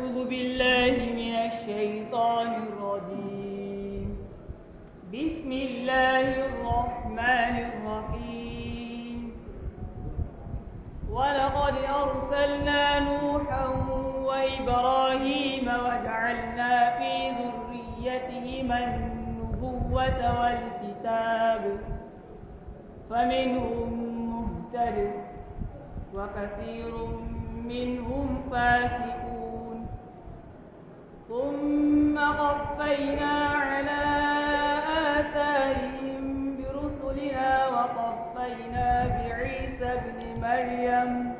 أعوذ بالله من الشيطان الرجيم بسم الله الرحمن الرحيم ولقد أرسلنا نوحا وإبراهيم وجعلنا في ذريتهما النبوة والكتاب فمنهم مهتد وكثير منهم فاسد قَفَّيْنَا عَلَىٰ آثَارِهِم بِرُسُلِنَا وَقَفَّيْنَا بِعِيسَى ابْنِ مَرْيَمَ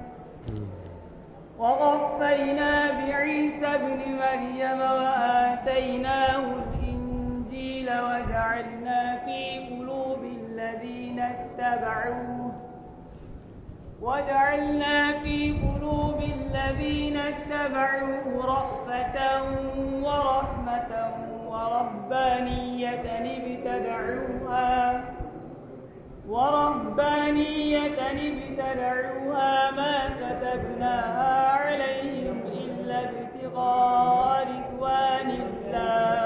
بعيسى ابن مريم وَآتَيْنَاهُ الْإِنجِيلَ وَجَعَلْنَا فِي قُلُوبِ الَّذِينَ اتَّبَعُوهُ وجعلنا في قلوب الذين اتبعوه رأفة ورحمة وربانية ابتدعوها ورهبانية ابتدعوها ما كتبناها عليهم إلا ابتغاء رضوان الله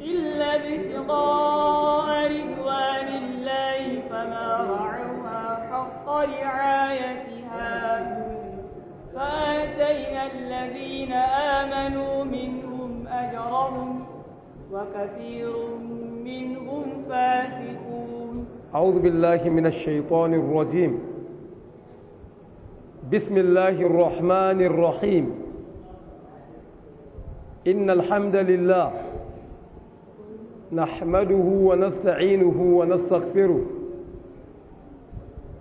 إلا ابتغاء رضوان الله فما رعوها حق رعايتها فآتينا الذين آمنوا منهم أجرهم وكثير منهم فاسقون أعوذ بالله من الشيطان الرجيم بسم الله الرحمن الرحيم إن الحمد لله نحمده ونستعينه ونستغفره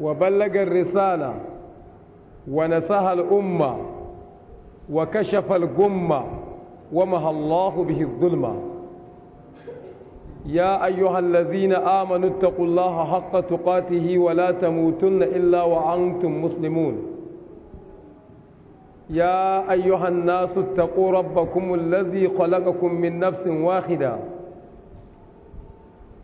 وبلغ الرسالة ونسها الأمة وكشف القمة ومهى الله به الظلمة يا أيها الذين آمنوا اتقوا الله حق تقاته ولا تموتن إلا وأنتم مسلمون يا أيها الناس اتقوا ربكم الذي خلقكم من نفس واحدة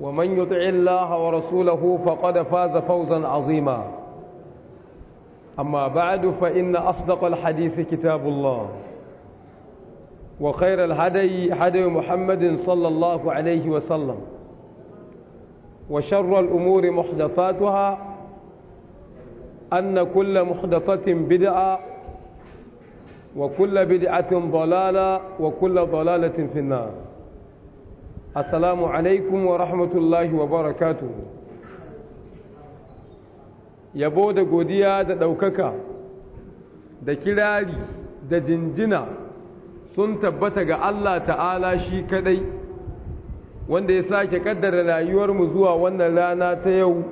ومن يطع الله ورسوله فقد فاز فوزا عظيما أما بعد فإن أصدق الحديث كتاب الله وخير الهدي هدي محمد صلى الله عليه وسلم وشر الأمور محدثاتها أن كل محدثة بدعة وكل بدعة ضلالة وكل ضلالة في النار assalamu alaikum wa rahmatullahi wa barakatu yabo da godiya da ɗaukaka da kirari da jinjina sun tabbata ga Allah ta'ala shi kadai wanda ya sake kaddara rayuwarmu zuwa wannan rana ta yau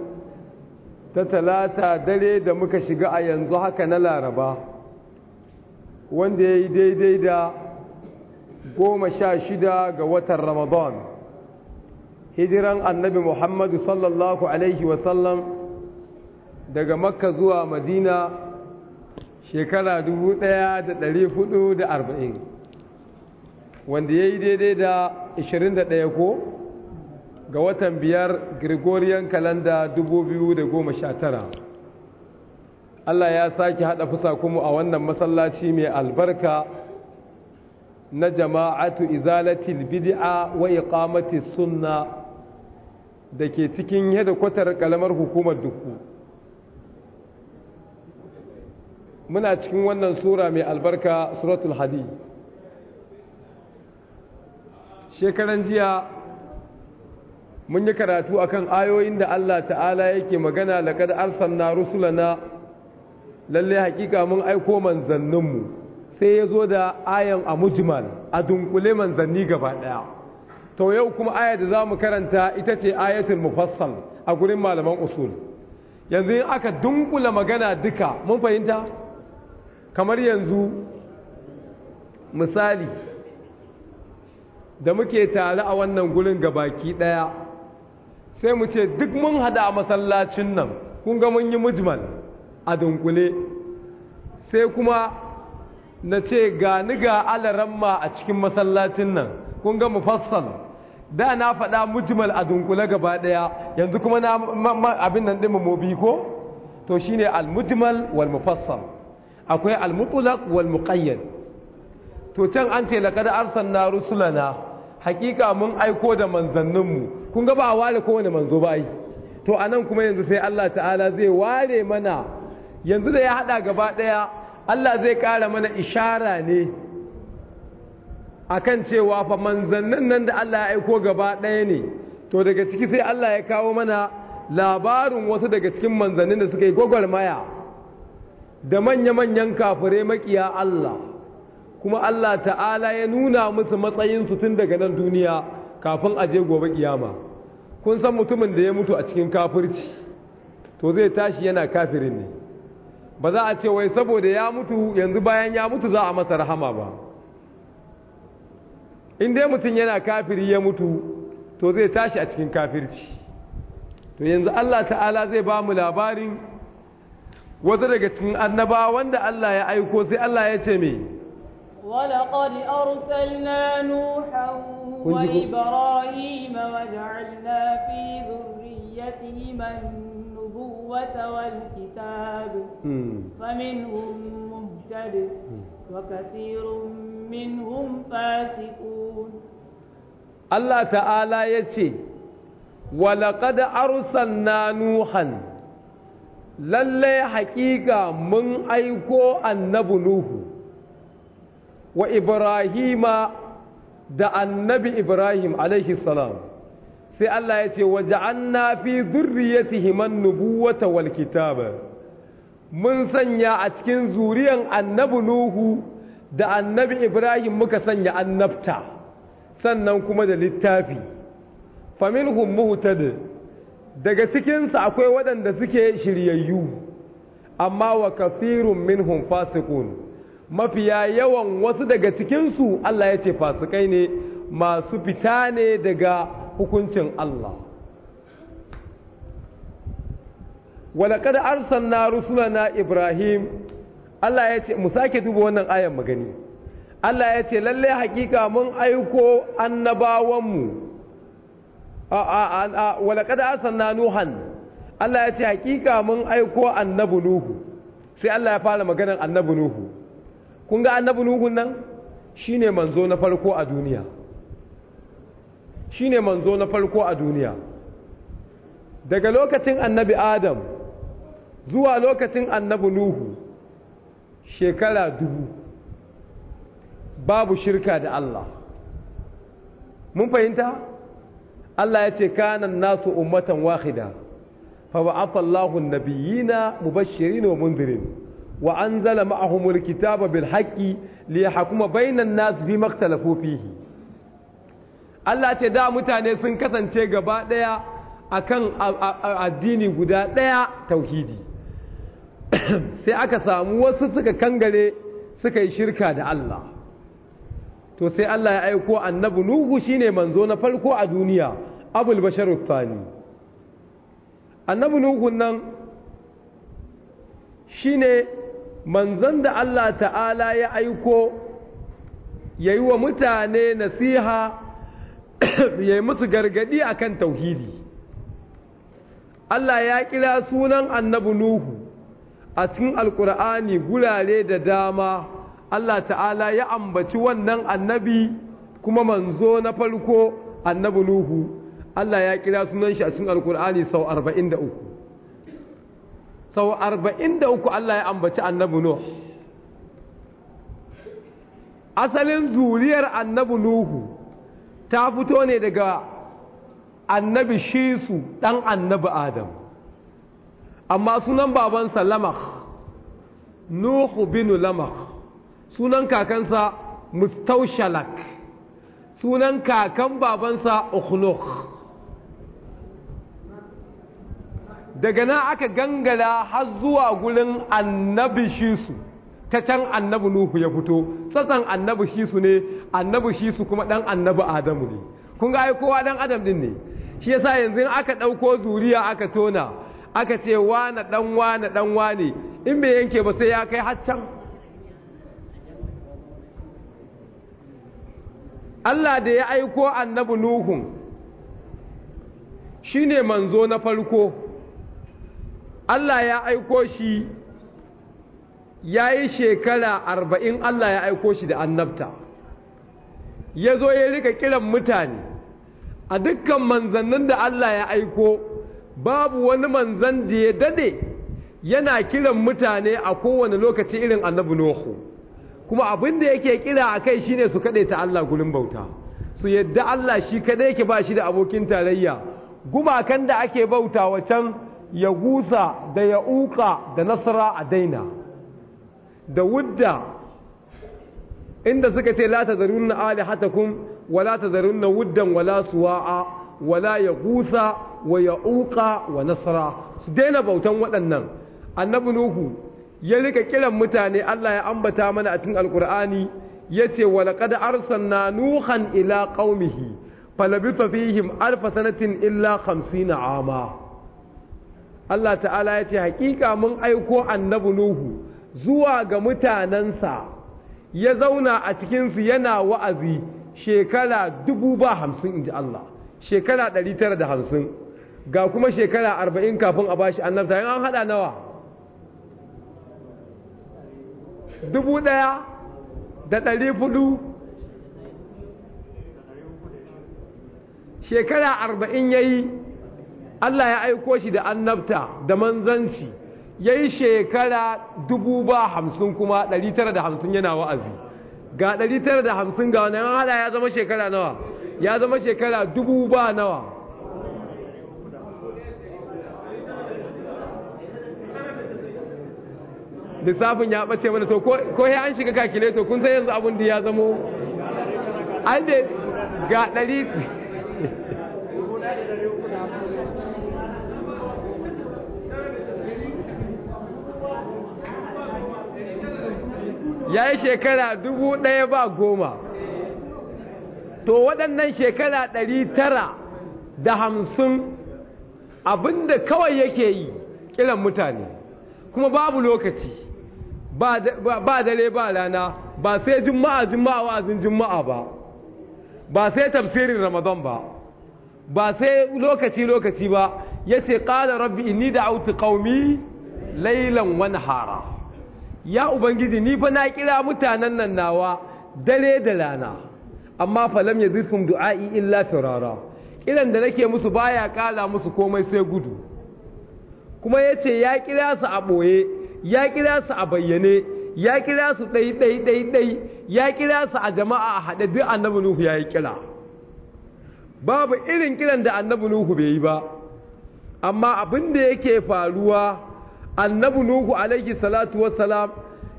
ta talata dare da muka shiga a yanzu haka na laraba wanda ya yi daidai da goma sha shida ga watan ramadan hijiran annabi muhammadu sallallahu alaihi wasallam daga makka zuwa madina shekara 1440 wanda ya yi daidai da 21 ko ga watan biyar gregorian kalanda 2019 Allah ya sake haɗa fusa kuma a wannan masallaci mai albarka na jama'atu izalatil bid'a wa iqamati sunna da ke cikin yadda kwatar kalamar hukumar dukku muna cikin wannan sura mai albarka suratul hadi shekaran jiya mun yi karatu akan ayoyin da Allah ta'ala yake magana laƙar arsanna na lallai hakika mun aiko manzanninmu sai ya zo da ayan a mujmal a dunkule manzanni gaba ɗaya to yau kuma aya da za mu karanta ita ce ayatul mufassal a gurin malaman usul yanzu in aka dunkula magana duka mun fahimta kamar yanzu misali da muke tare a wannan gurin ga baki daya sai mu ce duk mun hada a masallacin nan kun ga mun yi mujmal a dunkule sai kuma na ce ga ni ga alaramma a cikin masallacin nan kun ga mufassal da na faɗa mujimal a dunkule gaba ɗaya yanzu kuma na abin nan ɗinmu mobi ko to shine al almujimal wal mufassal akwai al wal muqayyad to can an ce na rusula rusulana hakika mun aiko da manzannin mu kun ga ba ware kowane manzo ba yi to anan kuma yanzu sai Allah ta'ala zai ware mana yanzu da ya haɗa gaba ɗaya Allah zai ƙara mana ishara ne a kan cewa fa manzannin nan da Allah ya aiko gaba ɗaya ne to daga ciki sai Allah ya kawo mana labarin wasu daga cikin manzannin da suka yi gwagwarmaya da manya-manyan kafure makiya Allah kuma Allah ta'ala ya nuna musu matsayinsu tun daga nan duniya kafin a je gobe kiyama kun san mutumin da ya mutu a cikin kafirci to zai tashi yana kafirin ne ba za a ce wai saboda ya mutu yanzu bayan ya mutu za a masa rahama ba in dai mutum yana kafiri ya mutu to zai tashi a cikin kafirci to yanzu Allah ta'ala zai ba mu labarin wata daga cikin annaba wanda Allah ya aiko sai Allah ya ce me wa ibrahima نوحا وإبراهيم وجعلنا في ذريتهما النبوة والكتاب hmm. فمنهم مهتد hmm. وكثير منهم فاسقون الله تعالى يتي ولقد أرسلنا نوحا للي حقيقة من أيكو النب نوح وإبراهيم da annabi ibrahim alaihi salam sai allah ya ce wa ja'anna fi zurriyatihi man nubuwata wal kitaba mun sanya a cikin zuriyan annabi nuhu da annabi ibrahim muka sanya annabta sannan kuma da littafi faminhum muhtad daga cikinsu akwai waɗanda suke shiryayyu amma wa kafirun minhum fasiqun mafiya yawan wasu daga cikinsu Allah ya ce fasikai ne masu fita ne daga hukuncin Allah na arsalna rusulana ibrahim Allah ya ce mu sake duba wannan ayan magani Allah ya ce lalle hakika mun aiko annabawanmu a a a walaqad arsalna nuhan Allah ya ce hakika mun aiko annabi nuhu sai Allah ya fara maganar annabi nuhu kun ga annabi nuhu nan shine manzo na farko a duniya shine manzo na farko a duniya daga lokacin annabi adam zuwa lokacin annabi nuhu shekara dubu babu shirka da Allah mun fahimta Allah ya ce kanan nasu ummatan wahida fa ba'atha Allahu an-nabiyina mubashirin wa mundirin wa anzala ma'ahumul kitaba bil haqqi li yahkuma bainan nas fi maktalafu fihi Allah ce da mutane sun kasance gaba daya akan addini guda daya tauhidi sai aka samu wasu suka kangare suka yi shirka da Allah to sai Allah ya aiko annabi nuhu shine manzo na farko a duniya abul basharut thani annabi nuhu nan shine manzon da Allah ta'ala ya aiko yayi wa mutane nasiha yayi musu gargadi akan tauhidi Allah ya kira sunan annabi nuhu a cikin alkur'ani gurare da dama Allah ta'ala ya ambaci wannan annabi kuma manzo na farko annabi Nuhu Allah ya kira sunan shi a cikin alkur'ani sau 43 sau 43 Allah ya ambaci annabi Nuhu asalin zuriyar annabi Nuhu ta fito ne daga annabi Shisu dan annabi Adam amma sunan babansa Lamar nuhu binu Lamar sunan kakansa mustaushalak sunan kakan babansa ukhnukh daga nan aka gangara har zuwa gurin annabi shisu ta can annabi nuhu ya fito tsatsan annabi shisu ne annabi shisu kuma dan annabi adamu ne kun ga kowa dan adam din ne shi yasa yanzu aka ɗauko zuriya aka tona aka ce wane dan wane dan ne. in bai yanke ba sai ya kai haccan Allah da ya aiko annabi Nuhun shi ne manzo na farko Allah ya aiko shi ya yi shekara arba'in Allah ya aiko shi da annabta ya zo ya rika kiran mutane a dukkan manzannin da Allah ya aiko babu wani manzan da ya dade yana kiran mutane a kowane lokaci irin annabu Nuhu kuma abin da yake kira a kai shine su ta Allah gurin bauta su yadda Allah shi kadai yake ba shi da abokin tarayya gumakan da ake bauta wacan ya gusa da ya uka da nasara a daina da wudda inda suka ce la tazarunna alihatakum wala tazarunna wuddan wala suwa'a wala ya gusa wa ya uka wa nasara su daina bautan waɗannan annabi nuhu ya rika kiran mutane Allah ya ambata mana a cikin alkur'ani yace wa laqad arsalna nuhan ila qaumihi falabitha fihim alf sanatin illa 50 ama Allah ta'ala yace hakika mun aiko annabi nuhu zuwa ga mutanansa ya zauna a cikin su yana wa'azi shekara dubu ba hamsin inji Allah shekara 950 ga kuma shekara 40 kafin a bashi annabta yin an hada nawa dubu ɗaya da ɗari shekara arba'in ya yi Allah ya aiko shi da annabta da manzanci ya yi shekara dubu ba hamsin kuma ɗari tara da hamsin yana wa'azi ga ɗari tara da hamsin ga wani hada ya zama shekara nawa ya zama shekara dubu ba nawa lissafin ya ɓace mana to ko ya an shiga to kun san yanzu abin da ya zamo an da ga ɗari ya yi shekara dubu ɗaya ba goma to waɗannan shekara ɗari tara da hamsin abinda kawai yake yi ƙiran mutane kuma babu lokaci ba dare ba rana ba sai juma'a juma'a wa'azin juma'a ba ba sai tafsirin ramadan ba ba sai lokaci lokaci ba ya yace ƙada rabbi inni auti ƙaumi laylan wani hara. ya ubangiji ni fa na kira mutanen nan nawa dare da rana amma falam ya zirfin du'a'i illa firara idan da nake musu baya kala musu komai sai gudu kuma yace ya kira su a ɓoye ya kira su a bayyane ya kira su ɗai ɗai ɗai ɗai ya kira su a jama'a a haɗe duk annabi nuhu ya yi kira babu irin kiran da annabi nuhu bai yi ba amma abin da yake faruwa annabi nuhu alaihi salatu wassalam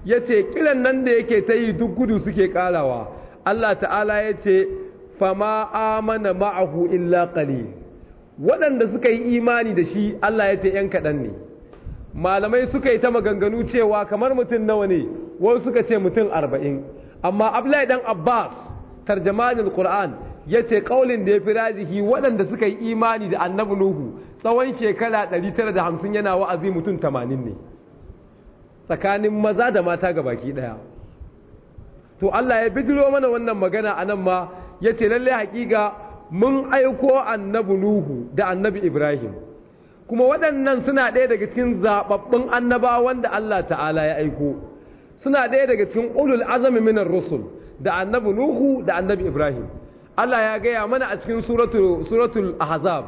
ya ce kiran nan da yake ta yi duk gudu suke ƙarawa. Allah ta'ala ya ce fama amana ma'ahu illa qali waɗanda suka yi imani da shi Allah ya ce ‘yan kaɗan ne malamai suka yi ta maganganu cewa kamar mutum nawa ne wasu suka ce mutum arba'in amma Abdullahi dan Abbas tarjamanin Qur'an ya ce ƙaulin da ya fi rajihi waɗanda suka yi imani da annabi Nuhu tsawon shekara ɗari tara da hamsin yana wa'azi mutum tamanin ne tsakanin maza da mata ga baki ɗaya to Allah ya bidiro mana wannan magana a nan ma ya ce lalle hakika mun aiko annabi Nuhu da annabi Ibrahim kuma waɗannan suna ɗaya daga cikin zaɓaɓɓun annaba wanda Allah ta'ala ya aiko suna ɗaya daga cikin ulul azami minar rusul da annabi Nuhu da annabi Ibrahim Allah ya gaya mana a cikin suratul suratul ahzab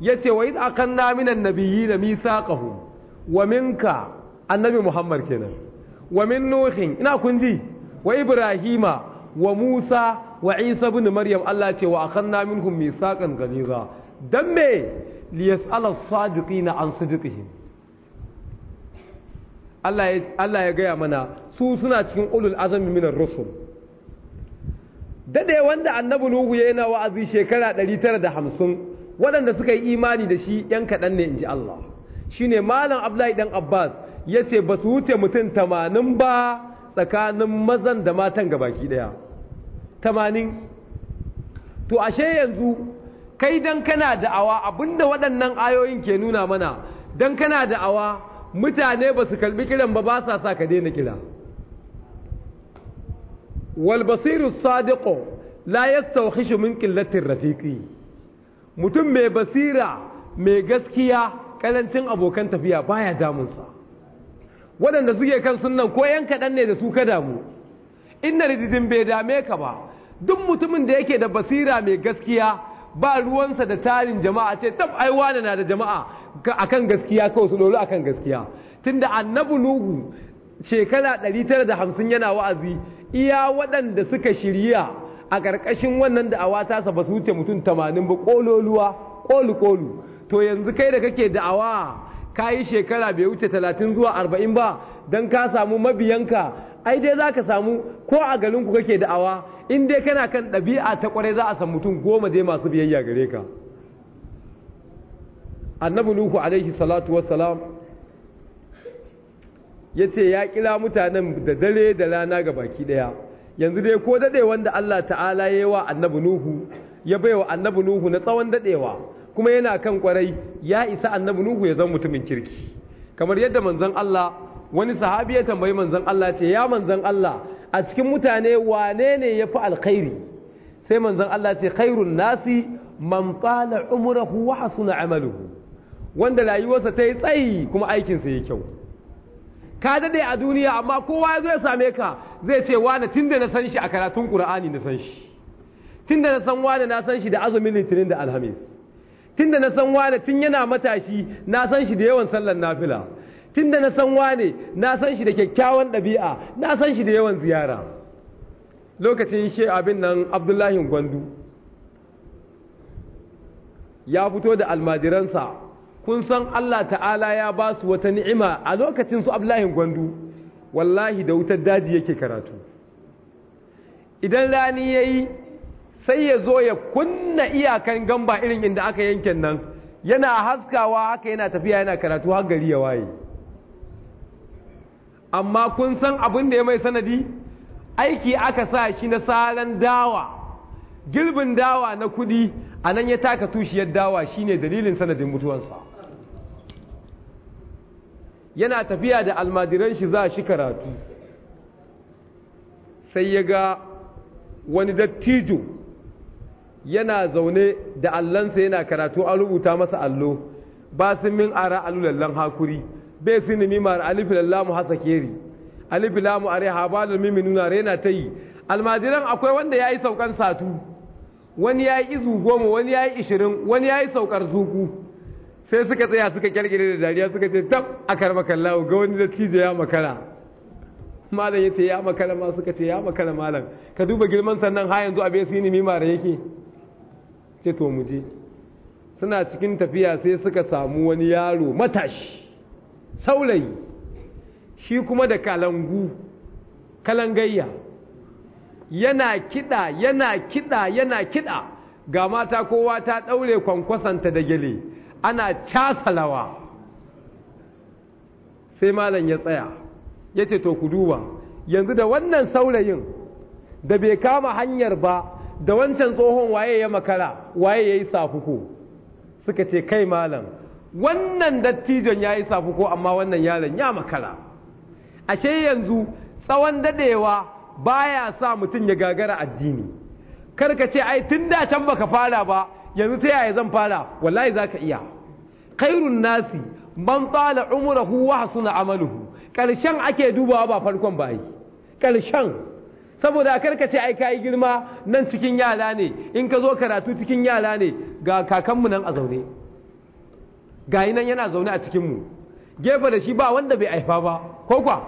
yace wa id akanna minan nabiyina mithaqahum wa minka annabi Muhammad kenan wa min nuhin ina kun ji wa ibrahima wa musa wa isa bin maryam Allah ce wa naminku minhum misaqan ghaliza dan me liyas'ala as-sadiqina an sidqihim Allah ya Allah ya gaya mana su suna cikin ulul azami minar rusul dade wanda annabi nuhu ya yana wa'azi shekara 950 waɗanda suka yi imani da shi yan kaɗan ne inji Allah shine malam Abdullahi dan Abbas yace ba su wuce mutum tamanin ba tsakanin mazan da matan gabaki daya tamanin to ashe yanzu kai dan kana da'awa abinda waɗannan ayoyin ke nuna mana dan kana da'awa mutane ba su kalbi kiran ba ba sa sa ka daina kira wal sadiqo sadiqu la yastawkhishu min qillatir rafiqi mutum mai basira mai gaskiya ƙarancin abokan tafiya baya damunsa waɗanda suke kan sunan ko yan kaɗan ne da su ka damu inda rididin bai dame ka ba duk mutumin da yake da basira mai gaskiya ba ruwansa da tarin jama'a ce tab ai wane na da jama'a akan gaskiya ko su dole akan gaskiya tunda annabi nuhu shekara ɗari tara da hamsin yana wa'azi iya waɗanda suka shirya a ƙarƙashin wannan da'awa tasa ba su wuce mutum tamanin ba ƙololuwa ƙolu to yanzu kai da kake da'awa ka yi shekara bai wuce talatin zuwa arba'in ba don ka samu mabiyanka ai dai za ka samu ko a galinku kake da'awa in dai kana kan ɗabi'a ta ƙwarai za a san mutum goma dai masu biyayya gare ka annabi nuhu alaihi salatu wassalam ya ce ya kira mutanen da dare da rana ga baki ɗaya yanzu dai ko daɗe wanda allah ta'ala ya yi wa annabi nuhu ya baiwa annabi nuhu na tsawon daɗewa kuma yana kan kwarai ya isa annabi nuhu ya zama mutumin kirki kamar yadda manzon Allah wani sahabi ya tambayi manzon Allah ce ya manzon Allah a cikin mutane wane ne yafi alkhairi sai manzon Allah ce khairun nasi man tala umruhu wa hasuna amaluhu wanda rayuwarsa ta yi tsayi kuma aikinsa ya kyau ka dade a duniya amma kowa ya zo ya same ka zai ce wani tunda na san shi a karatun Qur'ani na san shi tunda na san wani na san shi da azumin litinin da alhamis tunda na san wane tun yana matashi na san shi da yawan sallar nafila tunda na san wane na san shi da kyakkyawan ɗabi'a na san shi da yawan ziyara lokacin she abin nan abdullahi gwandu ya fito da almajiransa kun san allah ta'ala ya ba su wata ni'ima a lokacin su abdullahi gwandu wallahi da wutar daji yake karatu idan rani ya yi sai ya zo ya kunna iyakan gamba irin inda aka yankin nan yana haskawa haka yana tafiya yana karatu har gari ya waye amma kun san abin da ya mai sanadi aiki aka sa shi na saran dawa girbin dawa na kudi a nan ya taka tushiyar dawa shine dalilin sanadin mutuwansa yana tafiya da almadiran shi za shi karatu sai ya ga wani dattijo yana zaune da allansa yana karatu an rubuta masa allo ba sun min ara alulallan hakuri bai sun nemi mara alifi lallamu hasa keri alifi lamu are habalin mimi nuna na ta yi almajiran akwai wanda ya yi saukan satu wani ya yi izu goma wani ya yi ishirin wani ya yi saukar zuku sai suka tsaya suka kyalgire da dariya suka ce tab a karmakallawo ga wani dattijo ya makara malam ya ce ya makara ma suka ce ya makara malam ka duba girman sannan ha yanzu a bai sun nimi mara yake ce to mu je suna cikin tafiya sai suka samu wani yaro matashi saurayi, shi kuma da kalangu kalangayya yana kiɗa yana kiɗa yana kiɗa ga mata kowa ta ɗaure kwankwasanta da gele ana casalawa sai malam ya tsaya yace to ku duba yanzu da wannan saurayin da bai kama hanyar ba da wancan tsohon waye ya makara waye ya yi safuko suka ce kai malam wannan dattijon ya yi safuko amma wannan yaron ya makara ashe yanzu tsawon dadewa baya sa mutum ya gagara addini karka ce ai tun da can baka fara ba yanzu ta yaya zan fara wallahi ka iya khairun nasi man tsala umruhu wa hasuna amaluhu karshen ake dubawa ba farkon ba yi karshen saboda a karkace ai kayi girma nan cikin yala ne in ka zo karatu cikin yala ne ga kakanmu nan a zaune Ga yi nan yana zaune a cikinmu gefe da shi ba wanda bai haifa ba ko kwa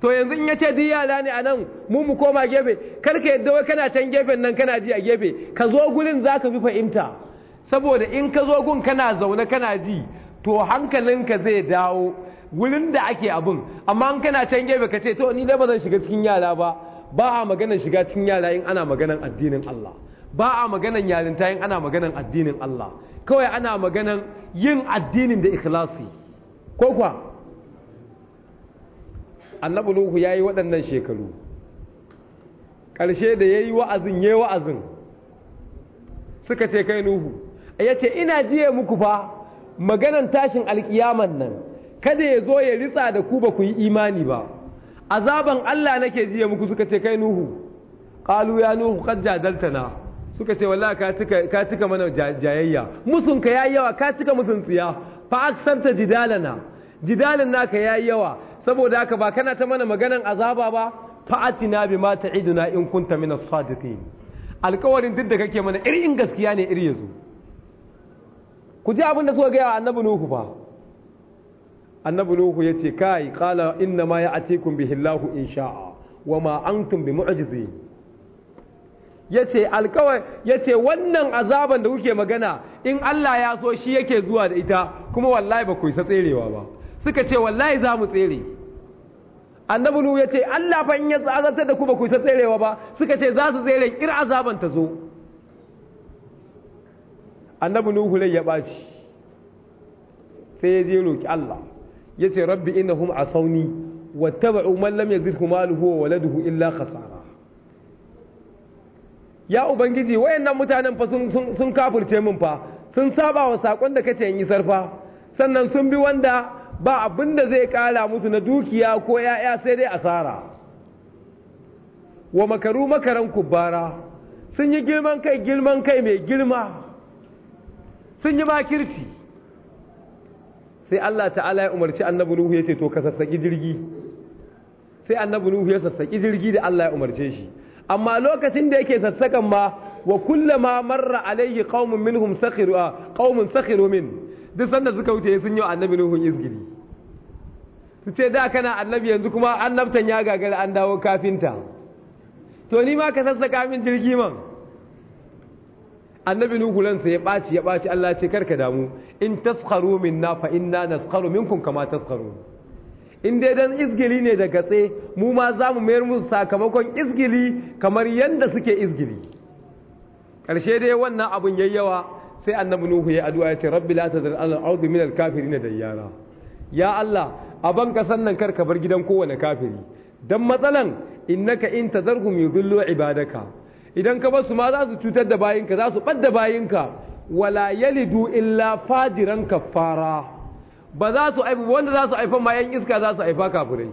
to yanzu in ya ce duk yala ne a nan mu mu koma gefe Kar ka yadda wai kana can gefen nan kana ji a gefe ka zo gurin zaka ka fi fahimta saboda in ka zo gun kana zaune kana ji to hankalinka zai dawo wurin da ake abin amma an kana can gefe ka ce to ni dai ba zan shiga cikin yara ba ba a maganar shiga cikin yara in ana maganar addinin Allah ba a maganar yarinta in ana maganar addinin Allah kawai ana maganar yin addinin da ikhlasi ko kwa annabi ya yayi waɗannan shekaru ƙarshe da yayi wa'azin yayi wa'azin suka ce kai Nuhu yace ina jiye muku fa maganar tashin alkiyaman nan kada ya zo ya ritsa da ku ba ku yi imani ba azaban Allah nake jiya muku suka ce kai nuhu qalu ya nuhu qad jadaltana suka ce wallahi ka cika ka cika mana jayayya musun ka yayi yawa ka cika musun tsiya fa aksanta jidalana jidalan naka yayi yawa saboda haka ba kana ta mana maganan azaba ba fa'atina bima ta'iduna in kunta min as-sadiqin alƙawarin duk da kake mana irin gaskiya ne iri yazo ku ji abin da suka ga annabi nuhu fa annabi nuhu ya ce kai kala inna ma ya'tikum bihi Allahu in sha'a wa ma antum bi mu'jizin yace alkawai yace wannan azaban da kuke magana in Allah ya so shi yake zuwa da ita kuma wallahi ba ku isa tserewa ba suka ce wallahi za mu tsere annabi nuhu yace Allah fa in ya tsagatar da ku ba ku isa tserewa ba suka ce za su tsere ir azaban ta zo annabi nuhu lai ya baci sai ya je roki Allah yace rabbi innahum asawni wattaba'u man lam yazidhu maluhu wa waladuhu illa khasara ya ubangiji wayannan mutanen fa sun sun kafirce min fa sun saba wa sakon da kace in yi sarfa sannan sun bi wanda ba abinda zai kara musu na dukiya ko yaya sai dai asara wa makaru makaran kubbara sun yi girman kai girman kai mai girma sun yi makirci sai Allah ta'ala ya umarci annabi Nuhu ya ce to ka sassaki jirgi sai annabi Nuhu ya sassaki jirgi da Allah ya umarce shi amma lokacin da yake sassakan ma wa kullama marra alaihi qaumun minhum sakhiru ah, qaumun sakhiru min duk sanda suka wuce sun yi annabi Nuhu izgiri su ce da kana annabi yanzu kuma annabtan ya gagara an dawo kafinta to ni ma ka sassaka min jirgi man annabi nuhu lansa ya ɓaci ya ɓaci Allah ce karka damu in taskharu minna fa inna naskharu minkum kama taskharu in dai dan izgili ne da gatse mu ma za mu mayar musu sakamakon izgili kamar yadda suke izgili ƙarshe dai wannan abun yayyawa sai annabi nuhu ya addu'a ya ce rabbi la tazal al-ardu min al-kafirin dayyara ya Allah a ban kasan nan karka bar gidan kowane kafiri dan matsalan innaka in tazarhum yudillu ibadaka idan ka basu ma za su cutar da bayinka za su ɓadda bayinka wala yalidu illa fajiran kafara ba za su aifa wanda za su aifa ma yan iska za su aifa kafirai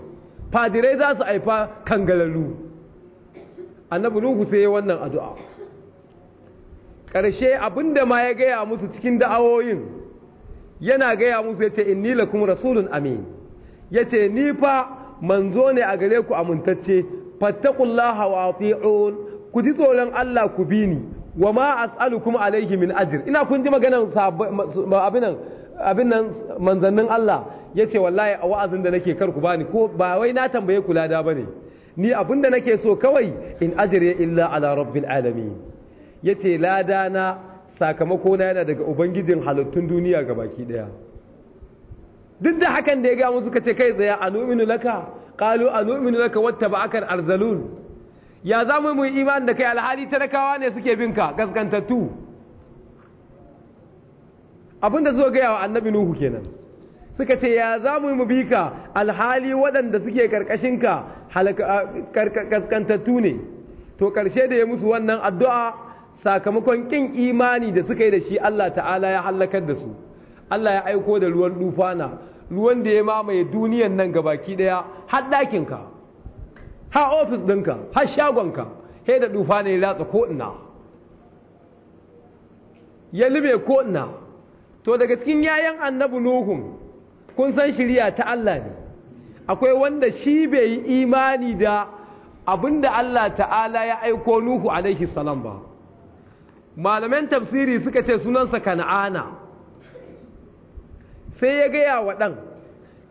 fadirai za su aifa kangalalu annabi nuhu sai wannan addu'a ƙarshe abinda ma ya gaya musu cikin da'awoyin yana gaya musu yace inni lakum rasulun amin yace ni fa manzo ne a gare ku amintacce fattaqullaha wa ati'un ku ji tsoron Allah ku bi ni wa ma as'alukum alaihi min ajr ina kun ji maganan abin nan manzannin Allah yace wallahi a wa'azin da nake karku bani ko ba wai na tambaye ku lada bane ni abinda nake so kawai in ajri illa ala rabbil alamin yace lada na sakamako na yana daga ubangijin halittun duniya gabaki daya duk da hakan da ya ga suka ce kai tsaya anu'minu laka qalu anu'minu laka wattaba'aka arzalun ya za mu yi imanin da kai alhali talakawa ne suke bin ka gaskantattu abinda zo gaya wa annabi nuhu kenan suka ce ya za mu yi mu bi ka alhali waɗanda suke ƙarƙashin ka gaskantattu ne to ƙarshe da ya musu wannan addu'a sakamakon ƙin imani da suka yi da shi Allah ta'ala ya hallakar da su Allah ya aiko da ruwan dufana ruwan da ya mamaye duniyan nan gabaki ɗaya har ɗakinka ha ofis ɗinka ha shagonka he da dufa ne latsa ko'ina ya lube ko'ina to daga cikin yayan annabu nuhun kun san shirya ta Allah ne akwai wanda shi bai yi imani da da Allah ta'ala ya aiko nuhu alaihi salam ba malaman tafsiri suka ce sunansa kana'ana sai ya gaya wa ɗan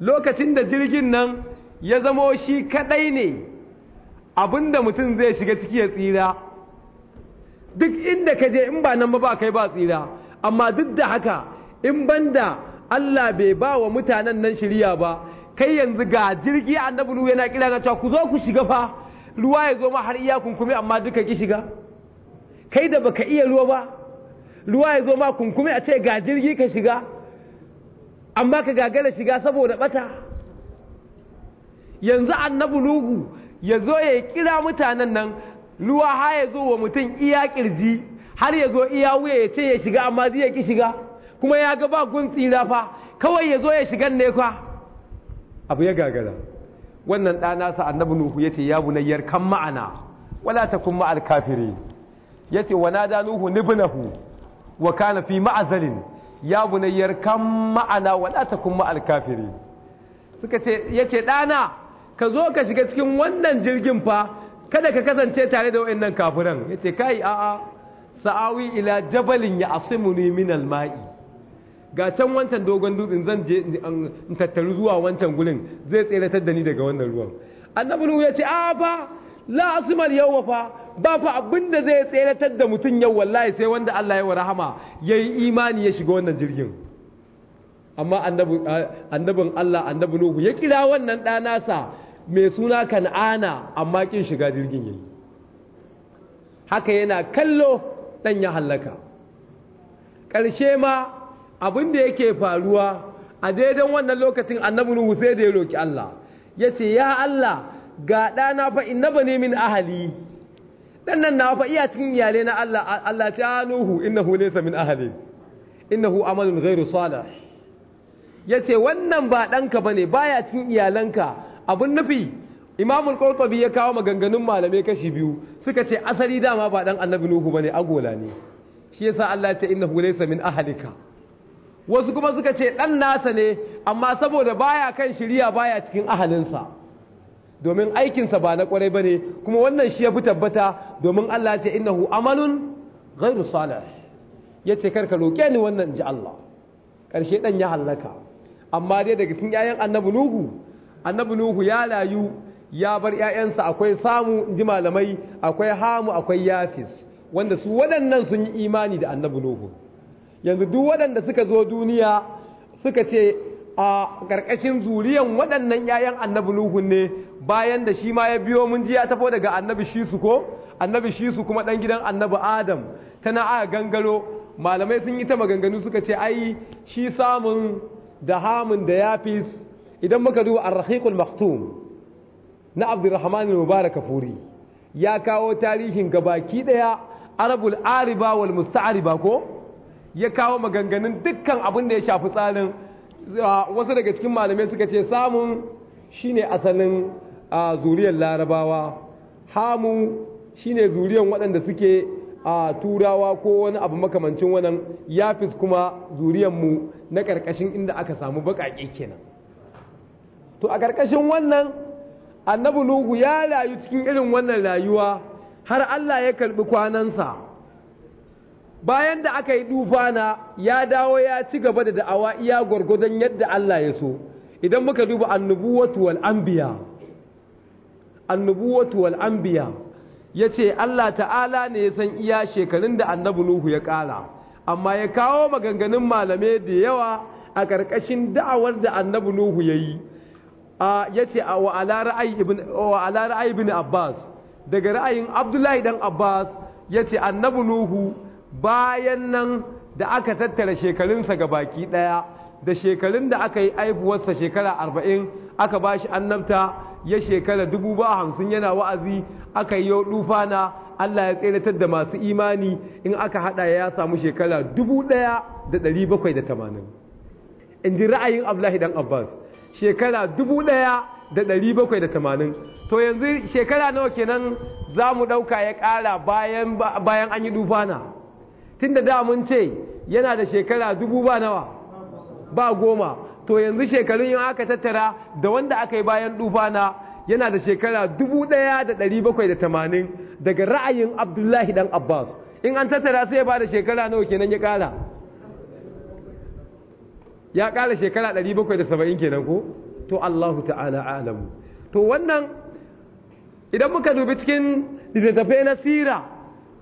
lokacin da jirgin nan ya zamo shi kaɗai ne abinda mutum zai shiga ciki ya tsira duk inda ka je in ba nan ba kai ba tsira amma duk da haka in banda Allah bai ba wa mutanen nan shirya ba kai yanzu ga jirgi annabi nuhu yana kira na cewa ku zo ku shiga fa ruwa ya zo ma har iya kunkumi amma duka ki shiga kai da baka iya ruwa ba ruwa ya zo ma kunkumi a ce ga jirgi ka shiga amma ka gagara shiga saboda bata yanzu annabi nuhu ya zo ya kira mutanen nan ruwa ha ya zo wa mutum iya kirji har ya zo iya wuya ya ce ya shiga amma zai ya ki shiga kuma ya ga ba gun tsira fa kawai ya zo ya shiga ne fa abu ya gagara wannan ɗana sa annabi nuhu ya ce ya nayyar kan ma'ana wala takun ma'al kafiri ya ce wa nada nuhu nibnahu wa kana fi ma'azalin ya nayyar kan ma'ana wala takun ma'al kafiri suka ce ya ce ɗana ka zo ka shiga cikin wannan jirgin fa kada ka kasance tare da wa'annan kafiran yace kai a'a sa'awi ila jabalin ya asimuni min alma'i ga can wancan dogon dutsen zan je in tattaru zuwa wancan gurin zai tseratar da ni daga wannan ruwan annabi nuhu ce a fa la asmal yawma fa ba fa abinda zai tseratar da mutum yau wallahi sai wanda Allah ya rahama yayi imani ya shiga wannan jirgin amma annabin Allah annabi nuhu ya kira wannan ɗanasa mai suna kan'ana amma kin shiga jirgin yi haka yana kallo dan ya hallaka ƙarshe ma abin da yake faruwa a daidan wannan lokacin annabi Nuhu da ya roƙi Allah Ya ce ya Allah ga ɗana fa innaba ne min ahali dan nan na fa iya cikin iyalai na Allah Allah ta Nuhu hu nesa min ahali hu innahu amalun Salah. Ya ce wannan ba danka bane baya cikin iyalanka abin nufi imamul qurtubi ya kawo maganganun malamai kashi biyu suka ce asali dama ba dan annabi nuhu a agola ne shi yasa Allah ya ce innahu laysa min ahlika wasu kuma suka ce ɗan nasa ne amma saboda baya kan shiriya baya cikin ahalinsa domin aikinsa ba na kwarai bane kuma wannan shi ya fi tabbata domin Allah ya ce innahu amalun ghairu salih kar karka roƙe ni wannan ji Allah Ƙarshe ɗan ya halaka amma dai daga cikin yayan annabi nuhu annabi nuhu ya layu ya bar ƴaƴansa akwai samu inji malamai akwai hamu akwai yafis wanda su waɗannan sun yi imani da annabi nuhu yanzu duk waɗanda suka zo duniya suka ce a ƙarƙashin zuriyan waɗannan ƴaƴan annabi nuhu ne bayan da shi ma ya biyo mun ji ya tafo daga annabi shisu ko annabi shisu kuma ɗan gidan annabi adam tana a gangaro malamai sun yi ta maganganu suka ce ai shi samun da hamun da yafis idan muka duba ar maktum na abdurrahman al-mubarak furi ya kawo tarihin gabaki daya arabul ariba wal musta'riba ko ya kawo maganganun dukkan abin da ya shafi tsarin wasu daga cikin malamai suka ce samun shine asalin zuriyar larabawa hamu shine zuriyar waɗanda suke a turawa ko wani abu makamancin wannan yafis kuma zuriyar mu na ƙarƙashin inda aka samu baƙaƙe kenan to a ƙarƙashin wannan annabi nuhu ya rayu cikin irin wannan rayuwa har Allah ya karɓi kwanansa bayan da aka yi dufana ya dawo ya ci gaba da da'awa iya gwargwadon yadda Allah ya so idan muka duba annubuwatu wal anbiya annubuwatu wal anbiya ce Allah ta'ala ne ya san iya shekarun da annabi nuhu ya ƙara amma ya kawo maganganun malamai da yawa a ƙarƙashin da'awar da annabi nuhu ya yi ya ce wa ala ra'ayi ibn abbas daga ra'ayin abdullahi dan abbas ya ce annabi nuhu bayan nan da aka tattara shekarunsa ga baki daya da shekarun da aka yi aifuwarsa shekara arba'in aka ba shi annabta ya shekara dubu ba hamsin yana wa'azi aka yi yau dufana Allah ya tseratar da masu imani in aka hada ya samu shekara dubu daya da ɗari bakwai da tamanin in ji ra'ayin abdullahi dan abbas shekara dubu ɗaya da ɗari bakwai da tamanin to yanzu shekara nawa kenan za mu ɗauka ya ƙara bayan an yi ɗufana. tun da mun ce yana da shekara dubu ba nawa ba goma to yanzu shekarun yin aka tattara da wanda aka yi bayan na yana da shekara dubu ɗaya da ɗari bakwai da tamanin daga ra'ayin abdullahi dan abbas in an tattara sai ya ba da shekara nawa kenan ya ƙara ya ƙara shekara 770 kenan ko to Allahu ta'ala alamu to wannan idan muka dubi cikin littattafai na sira